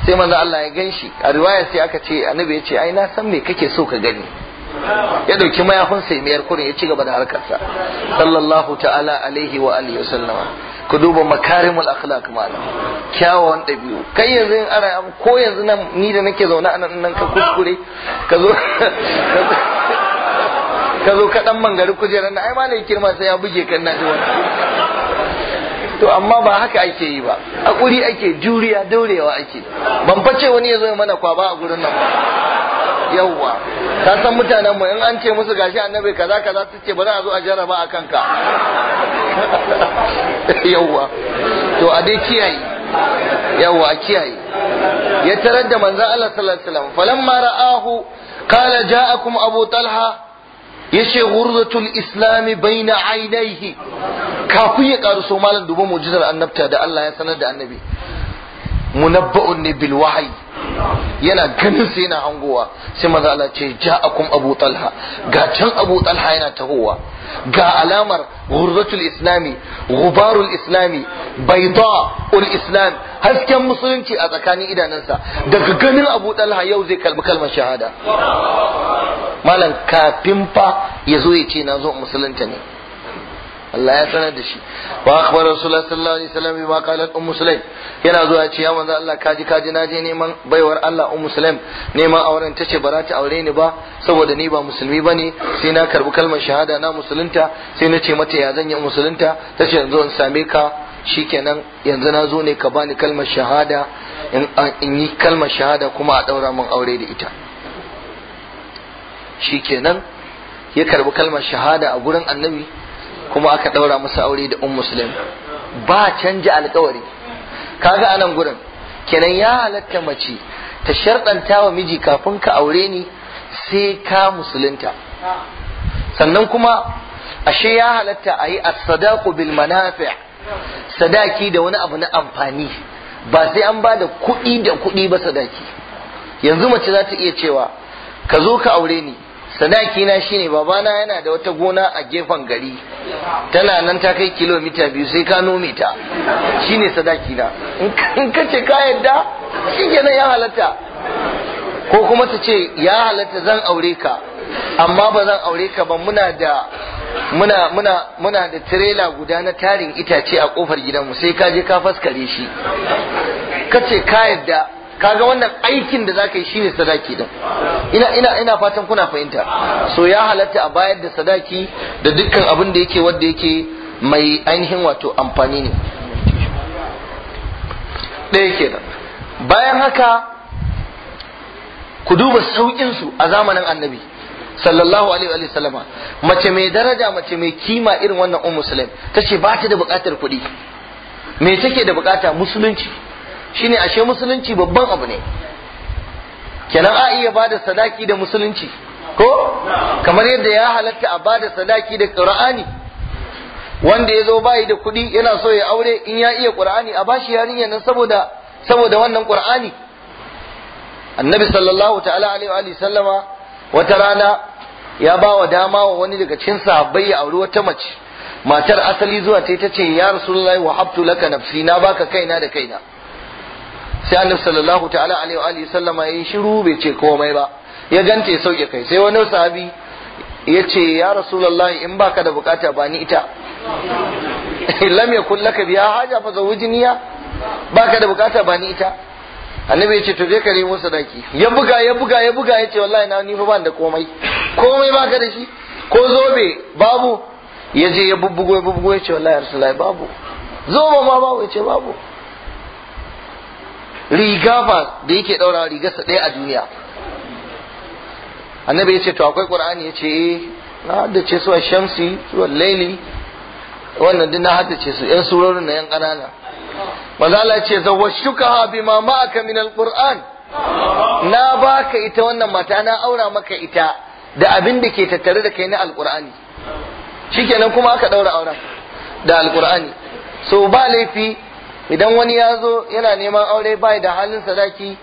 sai manzo Allah ya gan shi a riwaya sai aka ce annabi ya ce ai na san me kake so ka gani ya dauki mayafin sai mayar kurin ya ci gaba da harkarsa sallallahu ta'ala alaihi wa alihi wasallama ku duba makarimul akhlaq malam kyawawan dabi'u kai yanzu in ara ko yanzu nan ni da nake zaune a nan nan ka kuskure ka zo ka zo ka dan mangari kujerar nan ai malai kirma sai ya buge kan na ji to amma ba haka ake yi ba hakuri ake juriya daurewa ake ban face wani ya zo mana kwaba a gurin nan yawwa ka san mutanen mu in an ce musu gashi annabi kaza kaza su ce ba za a zo a jarraba a kanka yawwa to a dai kiyaye yawwa a kiyaye ya tarar da manzo Allah sallallahu alaihi wasallam falamma ra'ahu qala ja'akum abu talha yace ghurratul islami baina ainihi kafin ya karu so malam duba mu'jizar annabta da Allah ya sanar da annabi munabba'un ne bil wahayi yana ganin sai yana hangowa sai maza Allah ce ja'akum Abu Talha ga can Abu Talha yana tahowa ga alamar ghurratul islami ghubarul islami bayda'ul islam hasken musulunci a tsakanin idanunsa daga ganin Abu Talha yau zai kalbi kalmar shahada malam kafin fa yazo ya ce na zo musulunta ne Allah ya sanar da shi wa akhbar rasulullah sallallahu alaihi wasallam bima qalat ummu sulaim yana zuwa ce ya manzo Allah kaji kaji naje neman baiwar Allah ummu sulaim neman auren tace ba za ta aure ni ba saboda ni ba musulmi bane sai na karbi kalmar shahada na musulunta sai na ce mata ya zan yi musulunta tace yanzu in same ka shikenan yanzu na zo ne ka bani kalmar shahada in yi kalmar shahada kuma a daura min aure da ita shikenan ya karbi kalmar shahada a gurin annabi kuma aka ɗaura masa aure da un muslim ba canji alkawari kaga anan gurin kenan ya halatta mace ta sharɗanta wa miji kafin ka aure ni sai ka musulunta sannan kuma ashe ya halatta a yi as-sadaqu bil manafi' sadaki da wani abu na amfani ba sai an ba da kuɗi da kuɗi ba sadaki yanzu mace za ta iya cewa ka zo ka aure ni sadaki na shine babana yana da wata gona a gefen gari tana nan ta kai kilomita biyu sai ka nome ta shine sadaki na in ka ce ka yadda shi shikenan ya halatta ko kuma ta ce ya halatta zan aure ka amma ba zan aure ka ba muna da muna muna muna da tirela guda na tarin itace a kofar gidanmu sai ka je ka faskare shi ka ce ka yadda kaga wannan aikin da zaka yi shine sadaki din ina ina ina fatan kuna fahimta so ya halatta a bayar da sadaki da dukkan abin da yake wanda yake mai ainihin wato amfani ne ɗaya kenan bayan haka ku duba saukin su a zamanin annabi sallallahu alaihi wa sallama mace mai daraja mace mai kima irin wannan ummu sulaim tace ba ta da bukatar kuɗi me take da bukata musulunci shine ashe musulunci babban abu ne kenan a iya bada sadaki da musulunci ko kamar yadda ya halatta a bada sadaki da qur'ani wanda ya zo bayi da kuɗi yana so ya aure in ya iya qur'ani a bashi yarinya nan saboda saboda wannan qur'ani annabi sallallahu ta'ala alaihi wa sallama wata rana ya ba wa dama wa wani daga cikin sahabbai ya auri wata mace matar asali zuwa ta ce ya rasulullahi wa habtu laka nafsi na baka kaina da kaina sai annabi sallallahu ta'ala alaihi wa alihi sallama yayin shiru bai ce komai ba ya gante ya sauke kai sai wani sahabi ya ce ya rasulullahi in baka da bukata ba ni ita lam yakun laka biya haja fa zawjiniya baka da bukata ba ni ita annabi ya ce to je ka nemo sadaki ya buga ya buga ya buga ya ce wallahi na ni fa ban da komai komai baka da shi ko zobe babu ya je ya bubbugo ya bubbugo ya ce wallahi rasulullahi babu zoba ma babu ya ce babu riga ba da yake daura rigarsa ɗaya a duniya annabi ya ce to akwai qur'ani ya ce eh, na haddace su shamsi su laili wannan din na haddace su yan surorin na yan ƙanana mazala ya ce zawwashukaha bima ma'aka min alquran na baka ita wannan mata na aura maka ita da abin da ke tattare da kai na alqur'ani shikenan kuma aka daura auren da alqur'ani so ba laifi idan wani ya zo yana neman aure bai da halin sadaki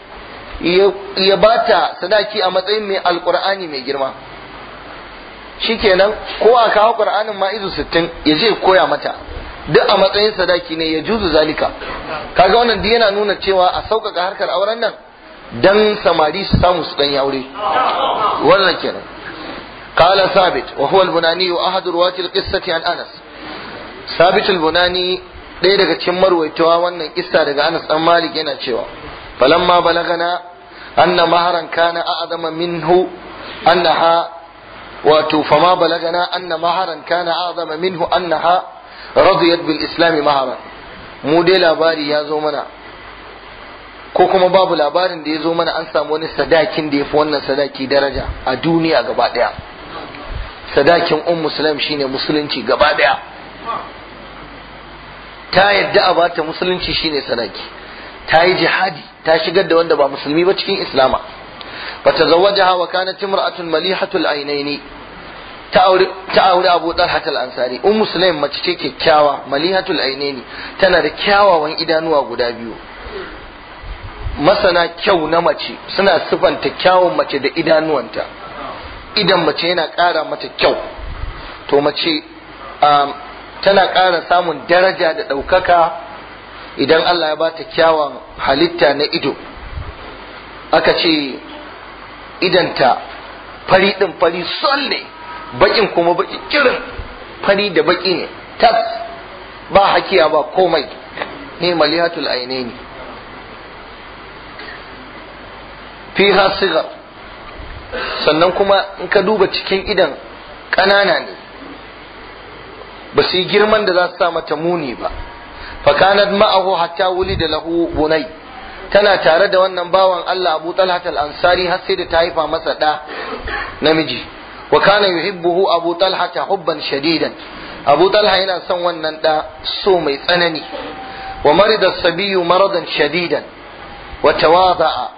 ya bata sadaki a matsayin mai alkur'ani mai girma shikenan ko a kawo qur'anin ma'izu 60 ya je koya mata duk a matsayin sadaki ne ya juzu zalika kaga wannan duk yana nuna cewa a sauƙaƙa harkar auren nan dan samari su samu su dan aure wannan kenan قال ثابت وهو البناني أحد رواة القصة عن أنس ثابت البناني ɗaya daga cikin marwaitawa wannan kissa daga Anas dan Malik yana cewa falamma balagana anna maharan kana a'zama minhu annaha wato fama balagana anna maharan kana a'zama minhu annaha radiyat bil islam maharan mu dai labari ya zo mana ko kuma babu labarin da ya zo mana an samu wani sadakin da ya fi wannan sadaki daraja a duniya gaba daya sadakin um musulun shine musulunci gaba daya ta yadda a bata musulunci shine sadaki ta yi jihadi ta shigar da wanda ba musulmi ba cikin islama ba ta zawajaha wa kana imra'atun malihatul ainaini ta aure ta aure Abu dalhatul ansari Ummu Sulaim mace ce kyakkyawa malihatul ainaini tana da kyawawan idanuwa guda biyu masana kyau na mace suna sifanta kyawun mace da idanuwanta idan mace yana kara mata kyau to mace um, tana ƙara samun daraja da ɗaukaka idan Allah ya bata kyawun halitta na ido aka ce idanta fari ɗin fari son ne baƙin kuma baƙi kirin fari da baƙi ne tas ba hakiya ba komai ne malihatul aine ne fiha sigar sannan kuma in ka duba cikin idan ƙanana ne ba su yi girman da za su sa mata muni ba fakanat ma'ahu hatta wuli da lahu bunai tana tare da wannan bawan Allah Abu Talha al-Ansari har sai da ta haifa masa da namiji wa kana yuhibbuhu Abu Talha hubban shadidan Abu Talha yana son wannan da so mai tsanani wa marida sabiyu maradan shadidan wa tawada'a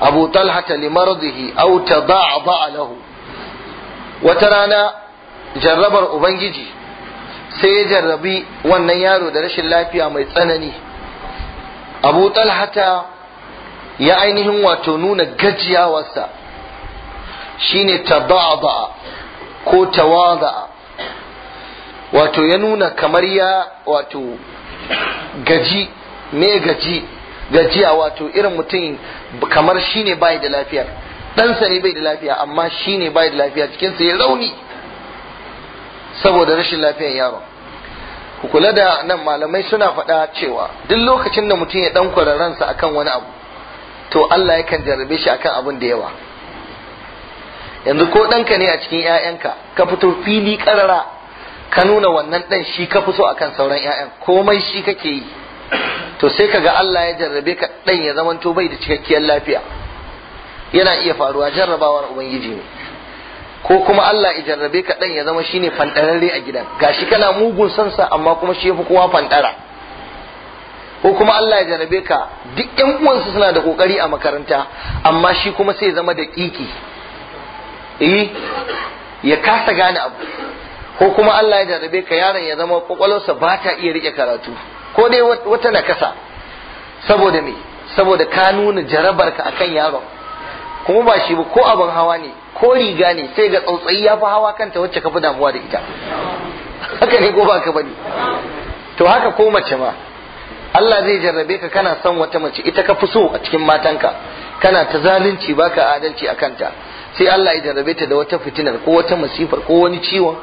Abu Talha li maradihi aw baa lahu wata rana jarrabar ubangiji sai ya jarrabi wannan yaro da rashin lafiya mai tsanani abu talhata ya ainihin wato nuna gajiyawarsa shine tabada ko tawada wato ya nuna kamar ya wato gaji me gaji gajiya wato irin mutum kamar shine bai da lafiya ɗansa ne bai da lafiya amma shine bai da lafiya cikinsa ya rauni saboda rashin lafiyar yaron ku kula da nan malamai suna faɗa cewa duk lokacin da mutum ya dan ransa akan wani abu to Allah yakan jarrabe shi akan abin da yawa yanzu ko ɗanka ne a cikin 'ya'yanka ka fito fili ƙarara ka nuna wannan ɗan shi ka fi so akan sauran 'ya'yan komai shi kake yi to sai kaga Allah ya jarrabe ka ɗan ya zamanto bai da cikakkiyar lafiya yana iya faruwa jarrabawar ubangiji ne ko kuma Allah ya jarrabe ka dan ya zama shine fandararre a gidan gashi kana mugun sansa amma kuma shi yafi kowa fandara ko kuma Allah ya jarrabe ka duk ƴan uwansa suna da kokari a makaranta amma shi kuma sai zama da kiki eh ya kasa gane abu ko kuma Allah ya jarrabe ka yaron ya zama kwakwalwarsa ba ta iya rike karatu ko dai wata na kasa saboda me saboda ka nuna jarabarka akan yaron kuma ba shi ba ko abin hawa ne ko riga ne sai ga tsautsayi ya fi hawa kanta wacce ka fi damuwa da ita haka ne ko ba ka bane to haka ko mace ma Allah zai jarrabe ka kana son wata mace ita ka fi so a cikin matanka kana ta zalunci baka adalci a kanta sai Allah ya jarrabe ta da wata fitinar ko wata masifar ko wani ciwon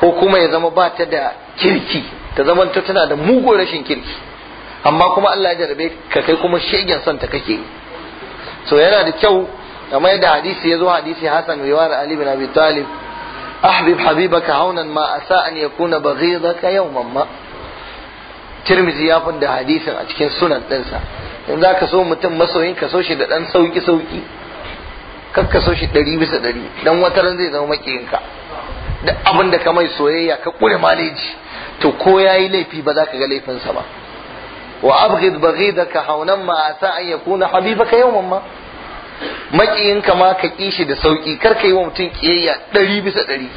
ko kuma ya zama ba ta da kirki ta zama ta tana da mugu rashin kirki amma kuma Allah ya jarrabe ka kai kuma shegen son ta kake so yana da kyau kamar yadda hadisi ya zo hadisi hasan riwayar ali bin abi talib ahbib habibaka haunan ma asa an yakuna baghidaka yawman ma tirmizi ya fadda hadisin a cikin sunan ɗinsa in za ka so mutum masoyin ka so shi da ɗan sauƙi-sauƙi? kar ka so shi ɗari bisa ɗari dan wata ran zai zama makiyinka Da abin da ka mai soyayya ka ƙure maleji to ko ya yi laifi ba za ka ga laifinsa ba wa abghid baghidaka haunan ma asa an yakuna habibaka yawman ma ka ma ka ƙi shi da sauƙi kar ka yi wa mutum ƙiyayya ɗari bisa ɗari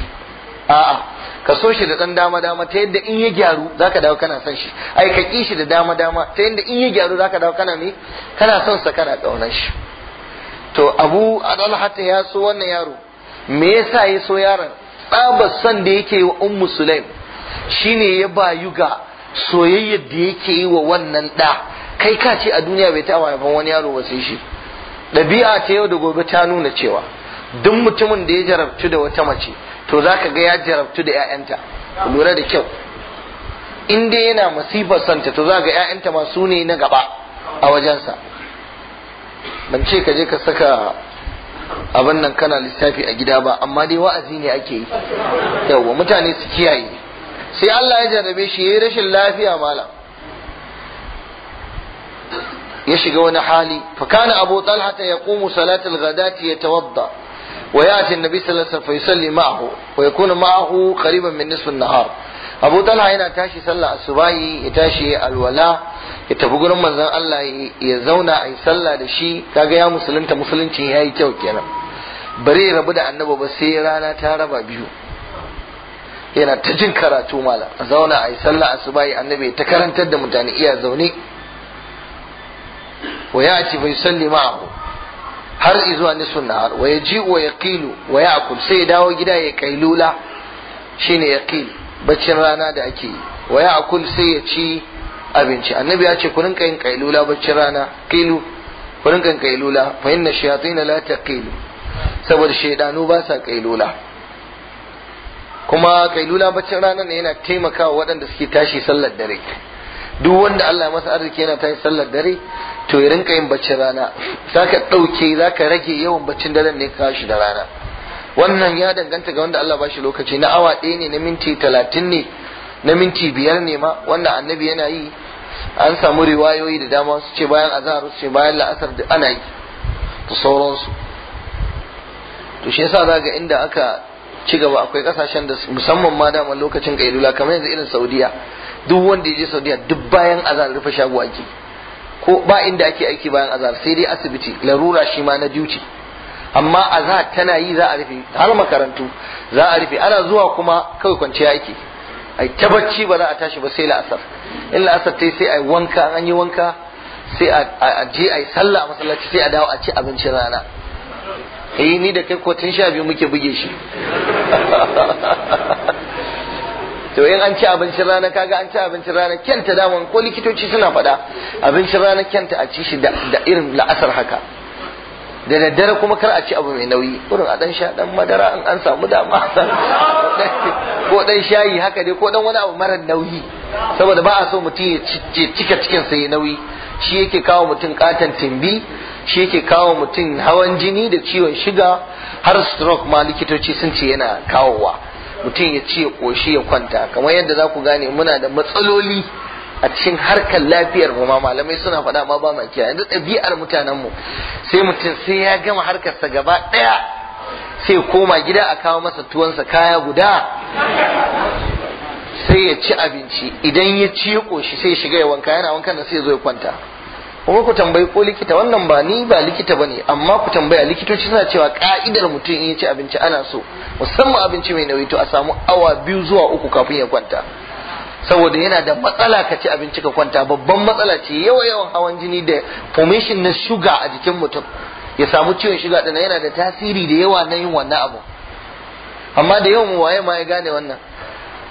a'a ka so shi da ɗan dama dama ta yadda in ya gyaru za ka dawo kana son shi ai ka ƙi shi da dama dama ta yadda in ya gyaru za ka dawo kana ne kana son sa kana ƙaunar shi to abu hatta ya so wannan yaro me yasa ya so yaron tsabar son da yake wa ummu sulaim shine ya bayu ga soyayyar da yake yi wa wannan ɗa kai ka ce a duniya bai taɓa haifan wani yaro ba sai shi ɗabi'a ta yau da gobe ta nuna cewa duk mutumin da ya jarabtu da wata mace to za ka ga ya jarabtu da 'ya'yanta lura da kyau in dai yana masifar santa to za ga 'ya'yanta ma su ne na gaba a wajensa ban ce ka je ka saka abin nan kana lissafi a gida ba amma dai wa'azi ne ake yi yawwa mutane su kiyaye sai Allah ya jarrabe shi ya yi rashin lafiya malam ya shiga wani hali fa kana abu talha ta yaqumu salatul ghadati yatawadda wa ya'ti annabi sallallahu alaihi wasallam yusalli ma'ahu wa yakunu ma'ahu qariban min nisfi an-nahar abu talha yana tashi sallah asubahi ya tashi alwala ya tafi gurin manzon Allah ya zauna a sallah da shi kaga ya musulunta musulunci yayi kyau kenan bare rabu da annabi ba sai rana ta raba biyu yana ta jin karatu mala zauna a yi sallah asubahi annabi ta karantar da mutane iya zaune wa ya'ti fa yusalli ma'ahu har zuwa nisfun nahar wa yaji'u wa kilu wa ya'kul sai ya dawo gida ya kailula shine kilu baccin rana da ake yi wa ya'kul sai ya ci abinci annabi ya ce ku rinka yin kailula baccin rana kilu ku rinka yin kailula fa inna shayatin la taqilu saboda shaydanu ba sa kailula kuma kailula baccin rana ne yana taimakawa waɗanda suke tashi sallar dare duk wanda Allah masa arziki yana tashi sallar dare to ya rinka yin baccin rana ɗauke dauke zaka rage yawan baccin daren ne ka shi da rana wannan ya danganta ga wanda Allah ba shi lokaci na awa ɗaya ne na minti talatin ne na minti biyar ne ma wanda annabi yana yi an samu riwayoyi da dama su ce bayan azhar su ce bayan la'asar da ana yi da sauransu to shi yasa zaga inda aka ci gaba akwai kasashen da musamman ma daman lokacin kaidula kamar yanzu irin saudiya duk wanda ya je saudiya duk bayan azar rufe shago aiki. ko ba inda ake aiki bayan azar sai dai asibiti larura shi ma na duty amma azar tana yi za a rufe har makarantu za a rufe ana zuwa kuma kawai kwanciya ake ai ta bacci ba za a tashi ba sai la'asar in la'asar ta sai ai wanka an yi wanka sai a je ai sallah a masallaci sai a dawo a ci abincin rana eh ni da kai ko tun sha biyu muke buge shi to in an ci abincin rana kaga an ci abincin rana kyanta daman ko likitoci suna faɗa abincin rana kyanta a ci shi da irin la'asar haka da daddare kuma kar a ci abu mai nauyi irin a dan sha dan madara in an samu dama ko dan shayi haka dai ko dan wani abu mara nauyi saboda ba a so mutum ya cika cikin sai nauyi shi yake kawo mutum katon timbi shi yake kawo mutum hawan jini da ciwon shiga har stroke ma likitoci sun ce yana kawowa mutum ya ci ya koshi ya kwanta kamar yadda za ku gane muna da matsaloli a cikin harkar lafiyar mu ma malamai suna faɗa ma ba makiya yanzu ɗabi'ar mutanen mu sai mutum sai ya gama harkarsa gaba ɗaya sai koma gida a kawo masa tuwansa kaya guda sai ya ci abinci idan ya ci ya koshi sai ya shiga ya wanka yana wankan da sai ya zo ya kwanta kuma ku tambayi ko likita wannan ba ni ba likita bane amma ku tambaya likitoci suna cewa ka'idar mutum in ya ci abinci ana so musamman abinci mai nauyi to a samu awa biyu zuwa uku kafin ya kwanta saboda yana da matsala ka ci abinci ka kwanta babban matsala ce yawa yawan hawan jini da formation na shuga a jikin mutum ya samu ciwon shuga dana yana da tasiri da yawa na yin wannan abu amma da yawan waye ma ya gane wannan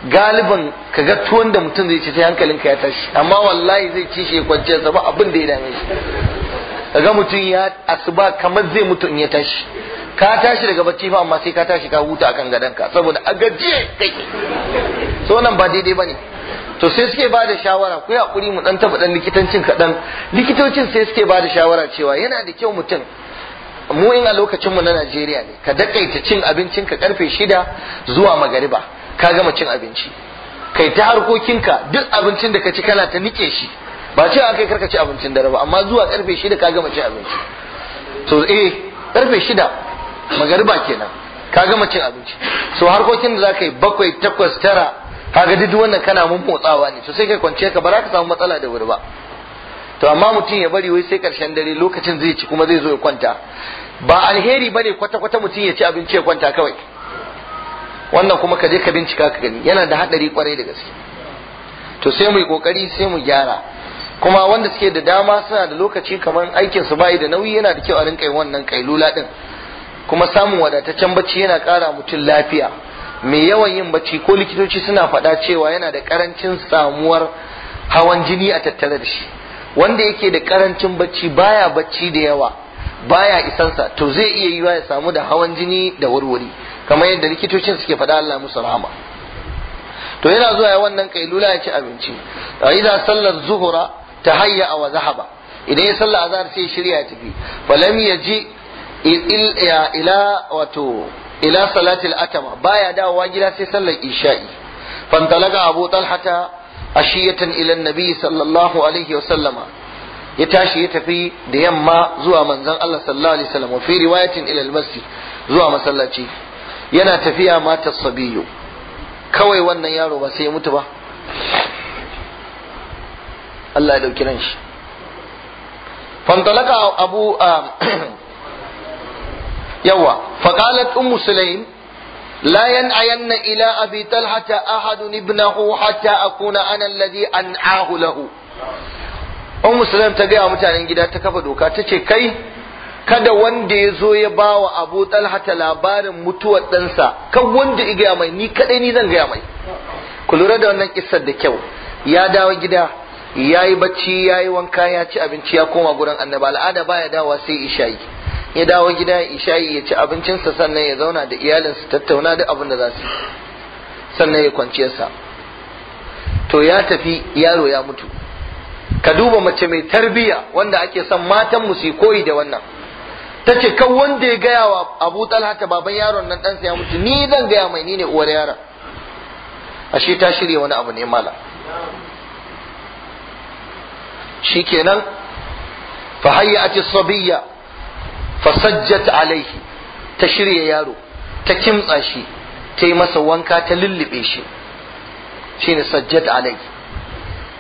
galiban ka ga tuwon da mutum zai ci sai ka ya tashi amma wallahi zai ci shi kwanciyarsa ba abin da ya dame shi Ka ga mutum ya asuba kamar zai mutu in ya tashi ka tashi daga bacci fa amma sai ka tashi ka huta akan ka saboda a gajiye kai so nan ba daidai bane to sai suke ba da shawara ku hakuri mu dan taba dan likitancin kaɗan likitocin sai suke ba da shawara cewa yana da kyau mutum mu in a lokacin mu na Najeriya ne ka daƙaita cin abincin ka karfe shida zuwa magariba ka gama cin abinci kai ta harkokinka duk abincin da ka ci kana ta nike shi ba ce aka karka ci abincin dare ba amma zuwa karfe shida ka gama cin abinci to eh karfe shida magariba kenan ka gama cin abinci so harkokin da zaka yi bakwai takwas tara kaga duk wannan kana mun motsawa ne to sai kai kwance ka ba za ka samu matsala da wuri ba to amma mutum ya bari wai sai karshen dare lokacin zai ci kuma zai zo ya kwanta ba alheri bane kwata kwata mutum ya ci abinci ya kwanta kawai wannan kuma ka je ka bincika ka gani yana da haɗari kwarai da gaske to sai mu yi kokari sai mu gyara kuma wanda suke da dama suna da lokaci kamar aikin su bai da nauyi yana da kyau a rinka yin wannan kailula din kuma samun wadataccen bacci yana kara mutum lafiya mai yawan yin bacci ko likitoci suna faɗa cewa yana da karancin samuwar hawan jini a tattare da shi wanda yake da karancin bacci baya bacci da yawa baya isansa to zai iya yiwa ya samu da hawan jini da wurwuri kamar yadda likitocin suke faɗa Allah musu rahama to yana zuwa ya wannan kailula ya ci abinci a idan sallar zuhura ta hayya wa zahaba idan ya sallar azhar sai shirya tafi falam ya ila wato ila salatil atama baya dawowa gida sai sallar isha'i fantalaga abu talhata ashiyatan ila nabi sallallahu alaihi wa sallama ya tashi ya tafi da yamma zuwa manzon Allah sallallahu alaihi sallam. fi riwayatin ila al-masjid zuwa masallaci yana tafiya mata sabiyo kawai wannan yaro ba sai ya mutu ba Allah ya dauki ran shi fantalaka abu ah, yawa faqalat ummu sulaim la yan'ayanna ila abi talhata ahadun ibnahu hatta akuna ana alladhi an'ahu lahu ummu sulaim ta ga mutanen gida ta kafa doka tace kai kada wanda ya zo ya ba wa abu talhata labarin mutuwar ɗansa kan wanda ya gaya mai ni kaɗai ni zan gaya mai ku lura da wannan kisar da kyau ya dawo gida ya yi bacci ya yi wanka ya ci abinci ya koma gurin annabi al'ada baya dawa sai ishayi ya dawo gida ishayi ya ci abincinsa sannan ya zauna da iyalinsa tattauna da abin da za su sannan ya kwanciyarsa to ya tafi yaro ya mutu ka duba mace mai tarbiya wanda ake son matan suyi su koyi da wannan ta ce kan wanda ya gaya wa abu talha ta baban yaron nan ɗansa ya mutu ni zan gaya mai ni ne uwar yaron ashe ta shirya wani abu ne mala kenan. fa hayyati sabiyya fa sajjat alaihi ta shirya yaro ta kimtsa shi ta yi masa wanka ta lullube shi shine sajjat alaihi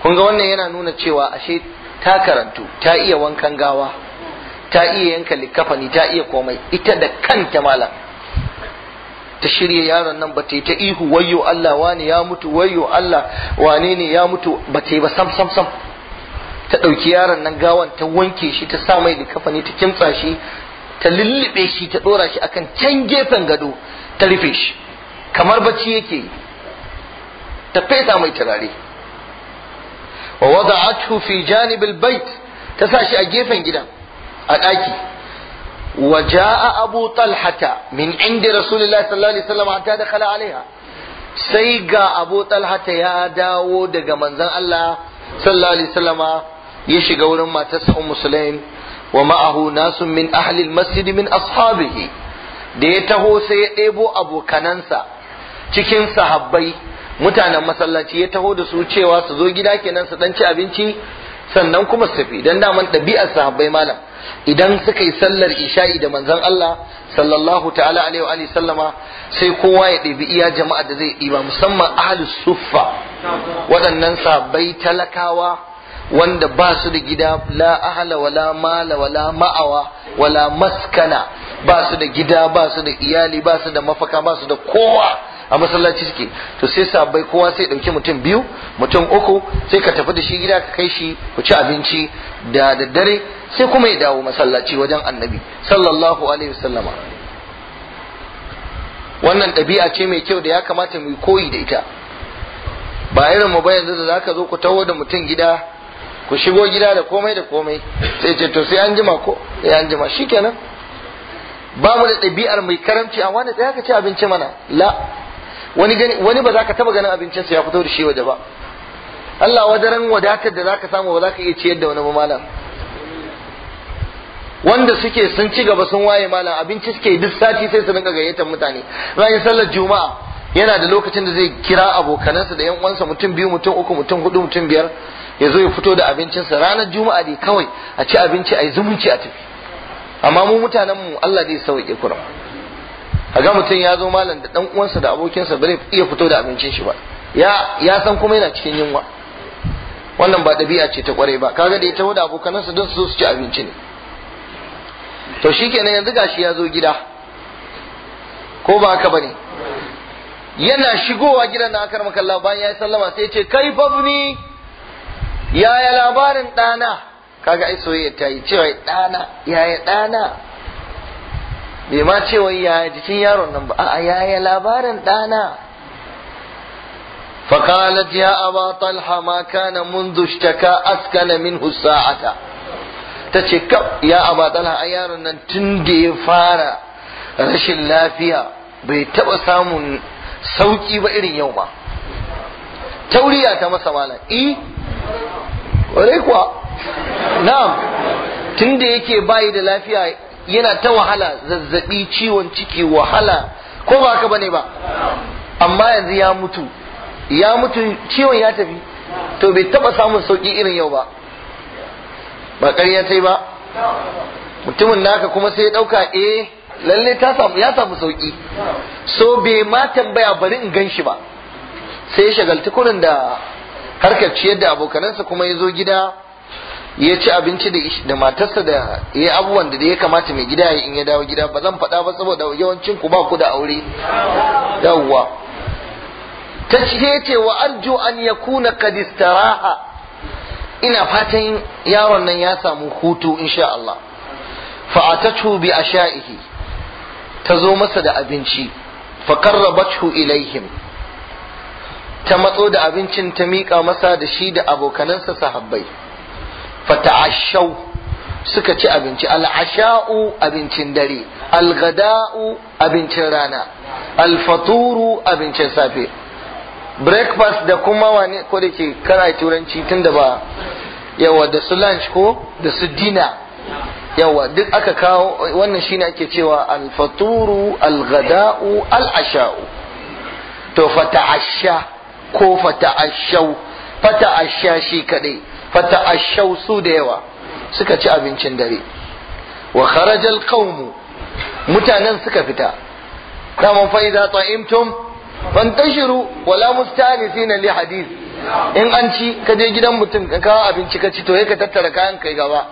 kun ga wannan yana nuna cewa ashe ta karantu ta iya wankan gawa ta iya yanka likafani ta iya komai ita da kanta malam ta shirya yaron nan ba ta yi ta ihu wayo Allah wani ya mutu wayo Allah wane ne ya mutu ba ba sam sam sam ta ɗauki yaron nan gawan ta wanke shi ta sa mai likafani ta kimtsa shi ta lullube shi ta dora shi akan can gefen gado ta rufe shi kamar bacci yake yi ta fesa mai turare wa wada'athu fi janibil bait ta sa shi a gefen gidan a ɗaki wa ja'a abu talhata min inda rasulullahi sallallahu alaihi wasallam hatta dakhala alaiha sai ga abu talhata ya dawo daga manzon Allah sallallahu alaihi wasallama ya shiga wurin matarsa ummu sulaim wa ma'ahu nasun min ahli almasjid min ashabihi da ya taho sai ya ɗebo abokanansa cikin sahabbai mutanen masallaci ya taho da su cewa su zo gida kenan su dan ci abinci sannan kuma su tafi dan daman ɗabi'ar sahabbai malam idan suka yi sallar isha'i da manzon Allah sallallahu ta'ala alaihi wa sallama sai kowa ya ɗebi iya jama'a da zai ɗiba musamman ahlus suffa waɗannan sabai talakawa wanda ba su da gida la ahla wala mala wala ma'awa wala maskana ba su da gida ba su da iyali ba su da mafaka ba su da kowa a masallaci suke to sai sabbai kowa sai dauki mutum biyu mutum uku sai ka tafi da shi gida ka kai shi ku ci abinci da daddare sai kuma ya dawo masallaci wajen annabi sallallahu alaihi wasallama wannan ɗabi'a ce mai kyau da ya kamata mu koyi da ita ba irin mu ba yanzu da zaka zo ku taho da mutum gida ku shigo gida da komai da komai sai ce to sai an jima ko sai an jima shikenan ba mu da ɗabi'ar mai karamci amma da tsaya ka ci abinci mana la wani gani ba za ka taba ganin abincinsa ya fito da shi waje ba Allah wadaran wadatar da zaka samu ba za ka iya ciyar da wani ba malam wanda suke sun ci gaba sun waye malam abinci suke duk sati sai su dinga gayyatar mutane bayan sallar juma'a yana da lokacin da zai kira abokanansa da yan uwansa mutum biyu mutum uku mutum hudu mutum biyar ya zo ya fito da abincinsa ranar juma'a dai kawai a ci abinci a yi zumunci a tafi amma mu mutanen mu Allah zai sauke kuran a ga mutum ya zo malam da dan uwansa da abokinsa zai iya fito da abincin shi ba ya san kuma yana cikin yunwa wannan ba ɗabi'a ce ta ƙware ba kaga da ya taho da abokanansa don su su ci abinci ne to shi shikenan yanzu gashi ya zo gida ko ba haka bane yana shigowa gidan na akar makalla bayan ya yi sallama sai ce kai fabni yaya labarin ɗana kaga ai soyayya ta yi cewa ɗana yaya ɗana Lemace wai ya jikin yaron nan ba. A'a ya yi a labarin ɗana. Fakalaj ya abada alhama kana mun zushtaka aska na min husa'a tace Ta ya abada alhama a yaron nan tun da ya fara rashin lafiya bai taba samun sauƙi ba irin yau ba. Tauriya ta masa walan e, walayi kuwa? Na'am. Tunda yake ba da lafiya. yana ta wahala zazzabi ciwon ciki wahala ko ba haka bane ba amma yanzu ya mutu ya mutu ciwon ya tafi to bai taba samun sauki irin yau ba ba ƙarya sai ba mutumin naka kuma sai ya dauka eh lalle ta samu ya samu sauki so bai ma tambaya bari in gan shi ba sai ya shagalti kurin da harkar ciyar da abokanansa kuma ya zo gida ya ci abinci da matarsa da ya yi abubuwan da ya kamata mai gida ya in ya dawo gida ba zan faɗa ba saboda yawancin ku ba ku da aure yawwa ta ce ce wa arju an ya kuna istaraha ina fatan yaron nan ya samu hutu insha Allah fa cubi a sha'ihi ta zo masa da abinci fa qarrabathu ilaihim ta matso da abincin ta miƙa masa da shi da abokanansa sahabbai fata'ashau suka ci abinci al'asha'u abincin dare al'gada'u abincin rana alfaturu abincin safe breakfast da kuma wani ko da ke kara turanci tun da ba yawa da su lunch ko da su dina yawa duk aka kawo wannan shine ake cewa alfaturu al'gada'u al'asha'u to fata'asha ko fata'ashau fata'asha shi kadai fata ashau su da yawa suka ci abincin dare wa kharajal qaumu mutanen suka fita kaman fa idza ta'imtum fantashiru wala mustanisina li hadith in an ci ka je gidan mutum ka kawo abinci ka ci to ka tattara kayan kai gaba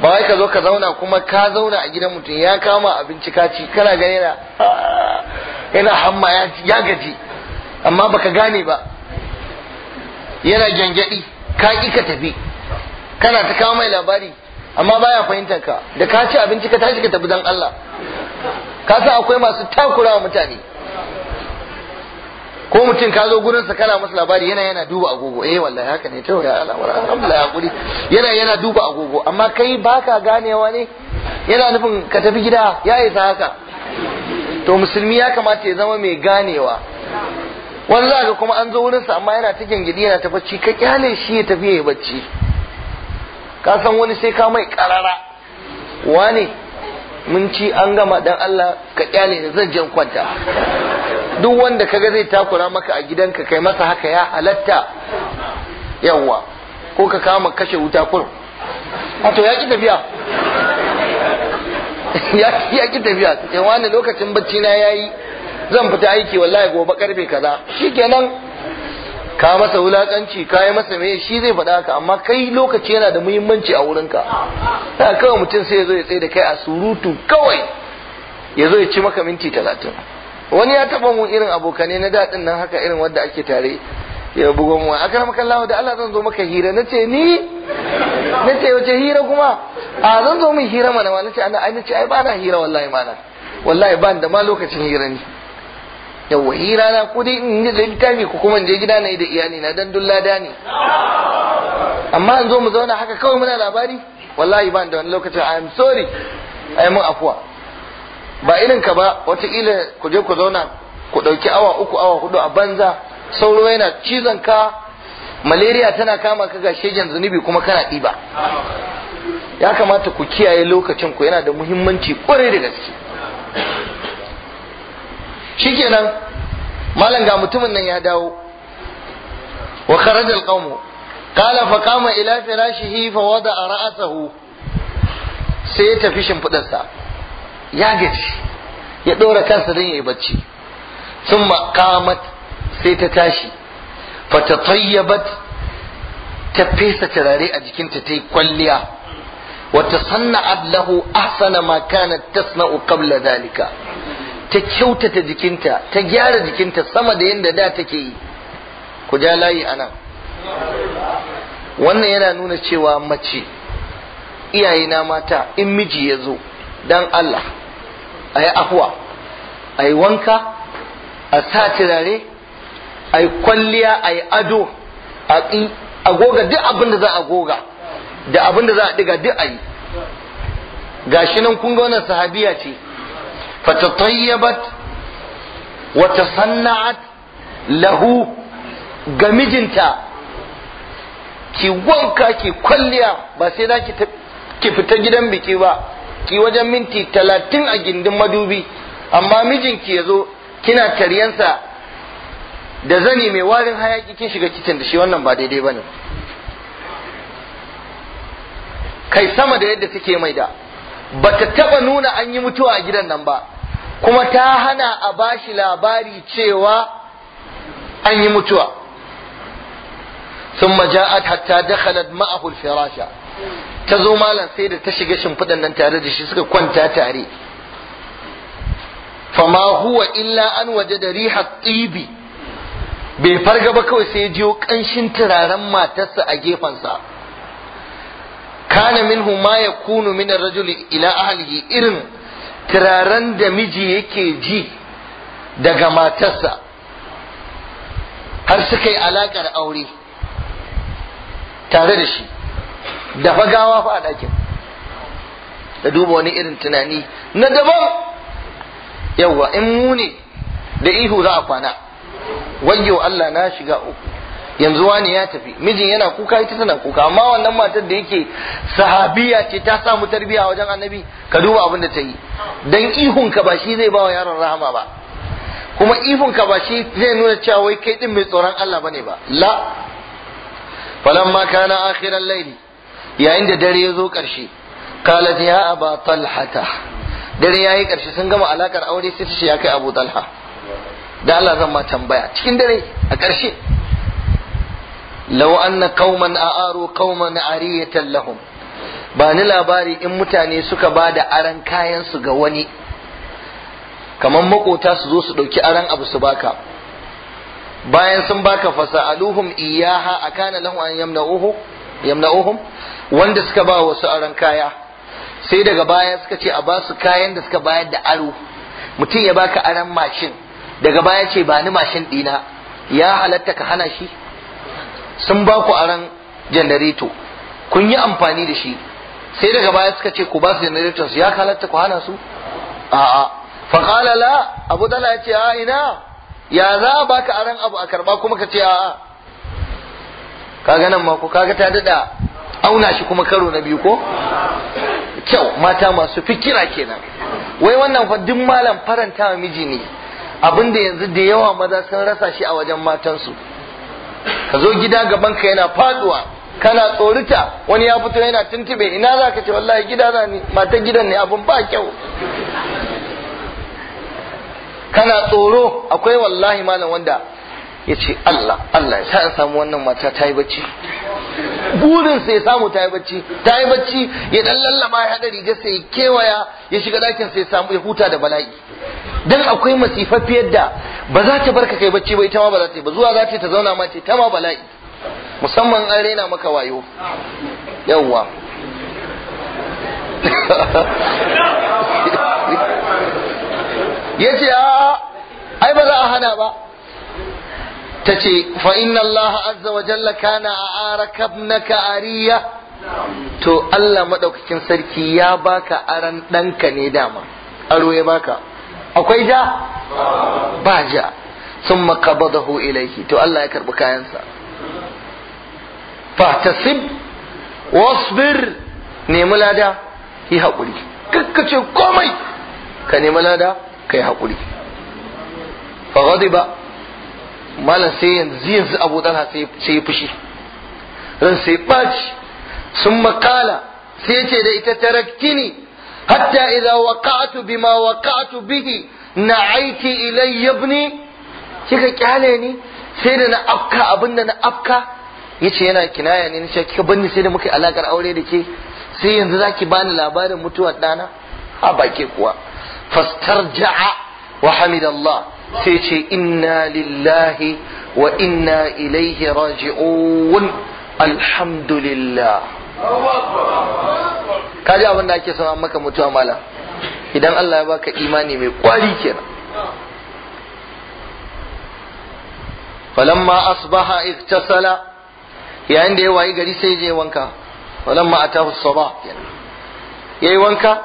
ba wai ka zo ka zauna kuma ka zauna a gidan mutum ya kama abinci ka ci kana ga yana yana hamma ya gaji amma baka gane ba yana gyangyaɗi ka ki ka tafi kana ta kawo mai labari amma baya fahimtar ka da ka ci abinci ka tashi ka tafi dan Allah ka san akwai masu takurawa mutane ko mutum ka zo gurin sa kana masa labari yana yana duba agogo eh wallahi haka ne to ya Allah alhamdulillah kuri yana yana duba agogo amma kai baka ganewa ne yana nufin ka tafi gida ya isa haka to musulmi ya kamata ya zama mai ganewa wani za ga kuma an zo wurinsa amma yana ta gyangyaɗi yana ta bacci ka kyale shi ya tafi ya bacci ka san wani sai ka mai karara wani mun ci an gama dan Allah ka kyale ni zan jan kwanta duk wanda kaga zai takura maka a gidanka kai masa haka ya halatta yawa ko ka kama kashe wuta kurum wato ya ki tafiya ya ki tafiya wani lokacin bacci na yayi zan fita aiki wallahi gobe karfe kaza shikenan ka masa wulakanci ka yi masa me shi zai faɗa ka amma kai lokaci yana da muhimmanci a wurinka ka kawai mutum sai ya zo ya tsaye da kai a surutu kawai ya zo ya ci maka minti talatin wani ya taɓa mu irin abokanai na daɗin nan haka irin wanda ake tare ya bugo mu akram kallahu da Allah zan zo maka hira nace ni nace wace hira kuma a zan zo mu hira mana nace ana ai nace ai ba na hira wallahi mana wallahi ban da ma lokacin hira ne yawa hira na ko dai in je littafi ko kuma in je gida na yi da iyali na dan dulla da ne amma in zo mu zauna haka kawai muna labari wallahi ban da wani lokaci i am sorry ai mun afuwa ba irin ka ba wata wataƙila ku je ku zauna ku ɗauki awa uku awa hudu a banza sauro yana cizon ka malaria tana kama ka ga shegen zunubi kuma kana ɗiba ya kamata ku kiyaye lokacin ku yana da muhimmanci kwarai da gaske shikenan malam ga mutumin nan ya dawo wa kharaja alqawm qala fa qama ila firashihi fa wada'a ra'sahu sai ya tafi shimfidarsa ya gaji ya dora kansa don yayi bacci thumma qamat sai ta tashi fa tatayyabat ta fesa turare a jikinta ta yi kwalliya wata sanna lahu ahsana ma kanat tasna'u qabla dhalika ta kyautata jikinta ta gyara jikinta sama da yadda da take yi ku ja layi anan wannan yana nuna cewa mace iyaye na mata in miji ya zo dan Allah a yi ahuwa a yi wanka a sa turare a yi kwalliya a yi ado a goga duk abin da za a goga da abin da za a diga duk a yi gashi nan kun ga wannan sahabiya ce fatatayyabat wata tasanna'at lahu ga mijinta ki wanka ki kwalliya ba sai za ki fita gidan biki ba ki wajen minti talatin a gindin madubi amma mijinki ya zo kina taryansa da zani mai warin hayaki kin shiga kicin da shi wannan ba daidai ba ne kai sama da yadda take mai da bata taba nuna an yi mutuwa a gidan nan ba kuma ta hana a bashi labari cewa an yi mutuwa sun maja'at hatta dakhalat ma'ahu firasha ta zo malam sai da ta shiga shimfiɗan nan tare da shi suka kwanta tare fama huwa illa an waje da riha tsibi bai farga ba kawai sai jiyo ƙanshin turaren matarsa a gefensa kana minhu ma ya kunu min rajuli ila ahlihi irin turaren da miji yake ji daga matarsa har suka yi alaƙar aure tare da shi da fagawa fa a ɗakin da duba wani irin tunani na daban yawwa in mu ne da ihu za a kwana wayyo Allah na shiga uku yanzu wani ya tafi mijin yana kuka ita tana kuka amma wannan matar da yake sahabiya ce ta samu tarbiyya wajen annabi ka duba abin da ta yi dan ihun ka ba shi zai ba wa yaron rahama ba kuma ihun ka ba shi zai nuna cewa wai kai din mai tsoron Allah bane ba la falamma kana akhiran layli yayin da dare ya zo karshe qalat ya aba talhata dare ya yi karshe sun gama alakar aure sai ta ce ya kai abu talha da Allah zan ma tambaya cikin dare a karshe law anna qauman a'aru qauman ariyatan lahum ba labari in mutane suka ba da aran kayansu ga wani kamar makota su zo su ɗauki aran abu su baka bayan sun baka aluhum, iyaha akana lahum an yamna'uhu uhum. wanda suka ba wasu aran kaya sai daga baya suka ce a ba su kayan da suka bayar da aro mutum ya baka aran mashin daga baya ce ba ni mashin ɗina ya halatta ka hana shi sun ba ku aran janareto kun yi amfani da shi sai daga baya suka ce ku ba su janareton su ya kalatta ku hana su a'a fa qala la abu dala ya ce a ina ya za ba ka aran abu a karba kuma ka ce a'a kaga nan ma ko kaga ta dada auna shi kuma karo na biyu ko kyau mata masu fikira kenan wai wannan fa duk malam faranta miji ne abinda yanzu da yawa maza sun rasa shi a wajen matansu ka zo gida gaban ka yana faduwa kana tsorita wani ya fito yana tuntube ina za ka ce wallahi gida na ni mata gidan ne abun ba kyau kana tsoro akwai wallahi malam wanda ya ce Allah Allah ya sa samu wannan mata ta yi bacci burin sai samu ta yi bacci ta yi bacci ya dan lallama ya hada riga sai kewaya ya shiga dakin sai samu ya huta da bala'i dan akwai masifafiyar da ba za ta barka kai bacci ba ita ma ba za ta yi ba zuwa za ta zauna ma ce ta ma bala'i musamman an raina maka wayo yawwa yace a ai ba za a hana ba تتي فإن الله عز وجل a أعارك na عارية to Allah maɗaukakin sarki ya baka aran ɗanka ne dama aro ya baka akwai ja ba ja sun makabadahu ilaihi to Allah ya karɓi kayansa fahtasib wasbir nemi lada yi haƙuri kakkace komai ka nemi lada ka yi haƙuri fa ba malam sai yanzu yanzu abu talha sai ya fushi ran sai sun makala sai ce da ita taraktini hatta idza wakatu bima waqa'tu bihi aiki ilai yabni. kika kyale ni sai da na afka abin da na afka yace yana kinaya ne nace kika banni sai da muka alakar aure da ke sai yanzu zaki bani labarin mutuwar ɗana a baki kuwa fastarja'a wa hamidallah sai ce inna lillahi wa inna ilaihi raji'un alhamdulillah ji abin da ake sama maka mutuwa mala idan Allah ya baka imani mai kwari kenan falamma asbaha iktasala yayin da ya wayi gari sai je wanka falamma atahu sabah kenan yayi wanka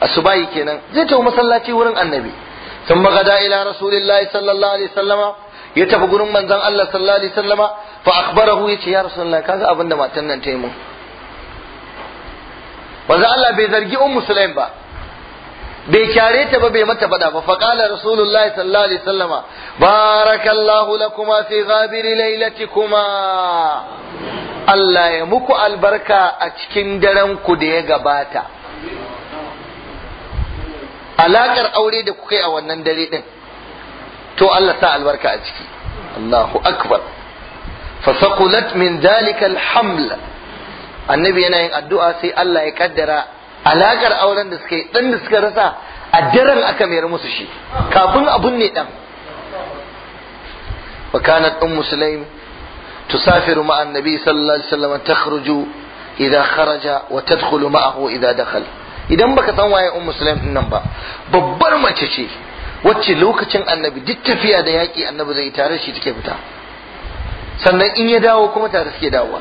asubahi kenan zai tafi masallaci wurin annabi ثم غدا إلى رسول الله صلى الله ya tafi gurin manzon Allah sallallahu alaihi wasallama fa akhbarahu yace ya rasulullah nan ta yi mun Allah bai zargi Un sulaim ba bai kyare ta ba bai mata fada ba fa qala rasulullah sallallahu alaihi wasallama barakallahu lakuma fi ghabiri lailatikuma Allah ya muku albarka a cikin daren ku da ya gabata alakar aure da kuka yi a wannan dare din to Allah sa albarka a ciki Allahu akbar fasakulat min dalikal hamla. annabi yana yin addu'a sai Allah ya kaddara alakar auren da suka yi dan da suka rasa a daren aka mayar musu shi kafin abun ne dan وكانت أم سليم تسافر مع النبي صلى الله عليه وسلم تخرج إذا خرج وتدخل معه إذا دخل idan baka san waye ummu sulaim din nan ba babbar mace ce wacce lokacin annabi duk tafiya da yaki annabi zai tare shi take fita sannan in ya dawo kuma tare suke dawowa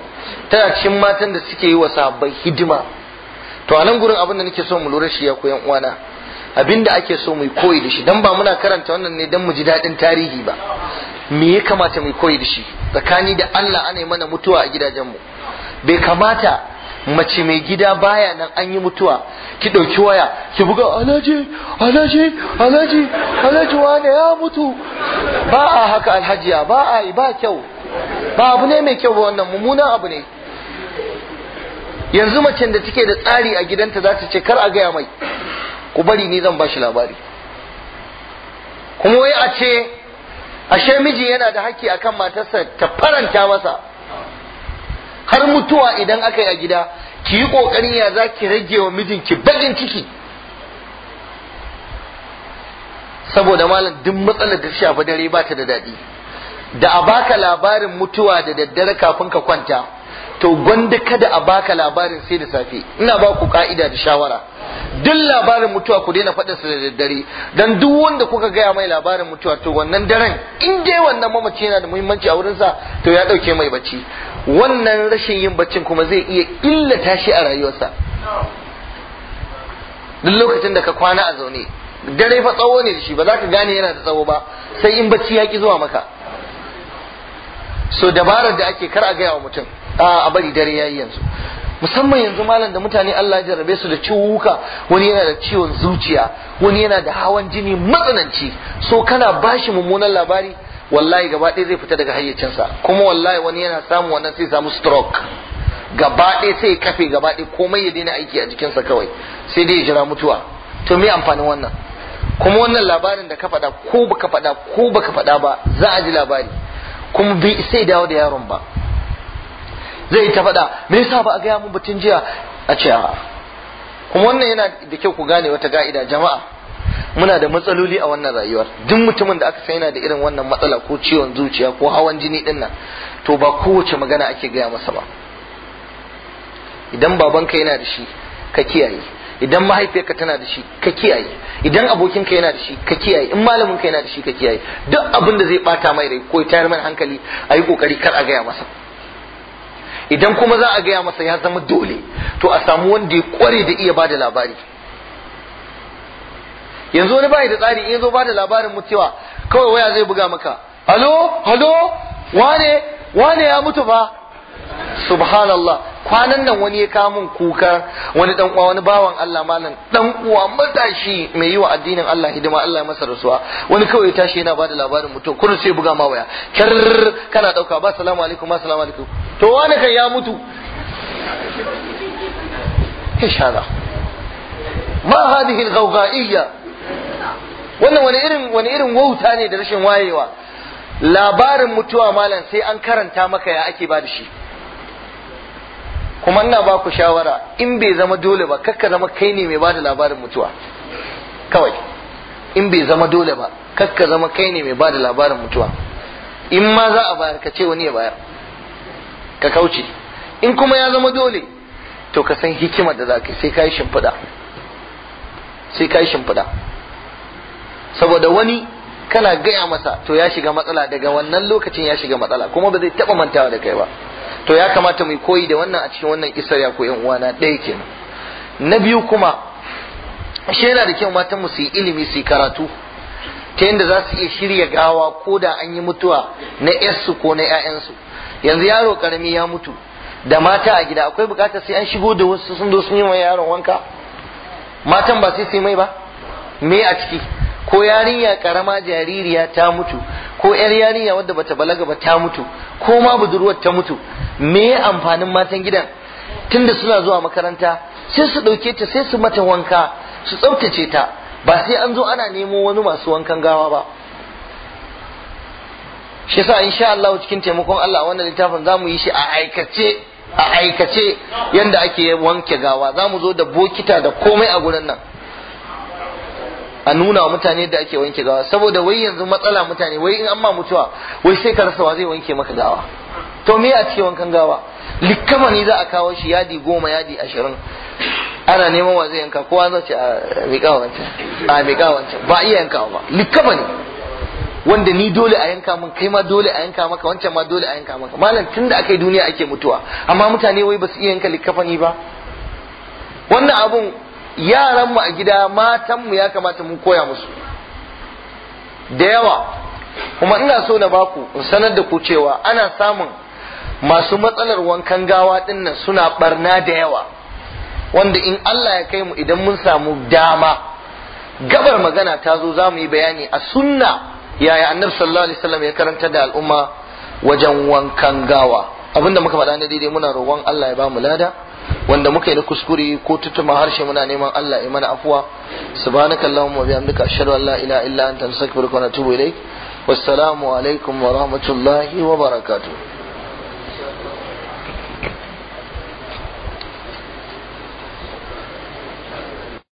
tana cikin matan da suke yi wa sahabbai hidima to a nan gurin abin da nake so mu lura shi ya koyan uwana abin da ake so mu koyi da shi dan ba muna karanta wannan ne dan mu ji daɗin tarihi ba me ya kamata mu koyi da shi tsakani da Allah ana yi mana mutuwa a gidajenmu bai kamata mace mai gida baya nan an yi mutuwa ki ɗauki waya ki buga alhaji alhaji alhaji alhaji wane ya mutu ba a haka alhajiya ba a yi ba kyau ba abu ne mai kyau ba wannan mummuna abu ne yanzu macen da take da tsari a gidanta za ta ce kar a gaya mai ku bari ni zan bashi labari kuma wai a ce ashe miji yana da haƙƙi akan matarsa ta faranta masa har mutuwa idan aka yi a gida ki yi ƙoƙarin ya za ki rage wa mijinki bagin ciki saboda malam duk matsalar da shafi dare ba ta da daɗi da a baka labarin mutuwa da daddare kafin ka kwanta to gwanda kada a baka labarin sai da safe ina ba ku ka'ida da shawara duk labarin mutuwa ku daina faɗin su da daddare dan duk wanda kuka gaya mai labarin mutuwa to wannan daren in dai wannan mamaci yana da muhimmanci a wurinsa to ya ɗauke mai bacci wannan rashin yin baccin kuma zai iya illata shi a rayuwarsa duk lokacin da ka kwana a zaune dare fa tsawo ne da shi ba za ka gane yana da tsawo ba sai in bacci ya ki zuwa maka so dabarar da ake kar a gaya wa mutum a bari dare yayi yanzu musamman yanzu malam da mutane Allah ya jarrabe su da ciwuka wani yana da ciwon zuciya wani yana da hawan jini matsananci so kana bashi mummunan labari wallahi gaba ɗaya zai fita daga hayyacinsa kuma wallahi wani yana samu wannan sai samu stroke gaba ɗaya sai kafe gaba ɗaya komai ya daina aiki a jikinsa kawai sai dai ya jira mutuwa to me amfanin wannan kuma wannan labarin da ka faɗa ko baka faɗa ko baka faɗa ba za a ji labari kuma bai sai dawo da yaron ba zai yi ta faɗa me yasa ba a gaya mun batun jiya a ce a kuma wannan yana da kyau ku gane wata ga'ida jama'a muna da matsaloli a wannan rayuwar duk mutumin da aka san yana da irin wannan matsala ko ciwon zuciya ko hawan jini din nan to ba kowace magana ake gaya masa ba idan babanka yana da shi ka kiyaye idan mahaifiyarka tana da shi ka kiyaye idan abokinka yana da shi ka kiyaye in malaminka yana da shi ka kiyaye duk abin da zai bata mai rai ko tayar mai hankali a yi kokari kar a gaya masa idan kuma za a gaya masa ya zama dole to a samu wanda ya kware da iya bada labari yanzu wani bai da tsari in zo bada labarin cewa kawai waya zai buga maka halo halo wane wane ya mutu ba? subhanallah kwanan nan wani ya kamun kuka wani dan uwa wani bawan Allah malam dan uwa matashi mai yi wa addinin Allah hidima Allah ya masa rasuwa wani kawai tashi yana bada labarin mutum kun sai buga ma waya kar kana dauka ba salamu alaikum assalamu alaikum to wani kan ya mutu inshallah ma hadhihi al wannan wani irin wani irin wauta ne da rashin wayewa labarin mutuwa malam sai an karanta maka ya ake ba da shi kuma ina ba ku shawara in bai zama dole ba kakka zama kai ne mai ba da labarin mutuwa kawai in bai zama dole ba kakka zama kai ne mai ba da labarin mutuwa in ma za a bayar ka ce wani ya bayar ka kauce in kuma ya zama dole to ka san hikimar da za ka sai ka yi shimfiɗa sai ka yi shimfiɗa saboda wani kana gaya masa to ya shiga matsala daga wannan lokacin ya shiga matsala kuma ba zai taɓa mantawa da kai ba to ya kamata mu koyi da wannan a cikin wannan isar ya koyan uwana ɗaya kenan na biyu kuma shi yana da kyau matan mu su yi ilimi su yi karatu ta yadda za su iya shirya gawa ko da an yi mutuwa na yarsu ko na 'ya'yansu yanzu yaro karami ya mutu da mata a gida akwai bukatar sai an shigo da wasu sun zo sun wa yaron wanka matan ba sai su mai ba me a ciki ko yarinya karama jaririya ta mutu ko yar yarinya wadda bata balaga ba ta mutu ko ma budurwar ta mutu me amfanin matan gidan tunda suna zuwa makaranta sai su dauke ta sai su mata wanka su tsaftace ta ba sai an zo ana nemo wani masu wankan gawa ba shi yasa insha Allah cikin taimakon Allah wannan littafin zamu yi shi a aikace a aikace yanda ake wanke gawa zamu zo da bokita da komai a gurin nan a nuna wa mutane da ake wanke gawa saboda wai yanzu matsala mutane wai in an ma mutuwa wai sai ka rasa wa zai wanke maka gawa to me a cikin wankan gawa likkama ne za a kawo shi yadi goma yadi ashirin ana neman wa zai yanka kowa zai ce a miƙa wancan a miƙa wancan ba iya yanka ba likkama ne wanda ni dole a yanka min kai ma dole a yanka maka wancan ma dole a yanka maka malam tunda aka yi duniya ake mutuwa amma mutane wai ba su iya yanka likafani ba wannan abun Yaran mu a gida matanmu ya kamata mun koya musu da yawa kuma ina so na baku in sanar da ku cewa ana samun masu matsalar wankan gawa dinnan suna barna da yawa wanda in Allah ya kai mu idan mun samu dama gabar magana ta zo za mu yi bayani a sunna yaya annabi sallallahu alaihi wasallam ya karanta da al'umma wajen wankan gawa abinda muka faɗa na daidai muna roƙon Allah ya ba mu lada wanda muka yi na kuskure ko tuttuma harshe muna neman Allah ya mana afuwa subhanakallahumma wa bihamdika ashhadu an la ilaha illa anta astaghfiruka wa atubu ilaik wassalamu alaikum wa rahmatullahi wa barakatuh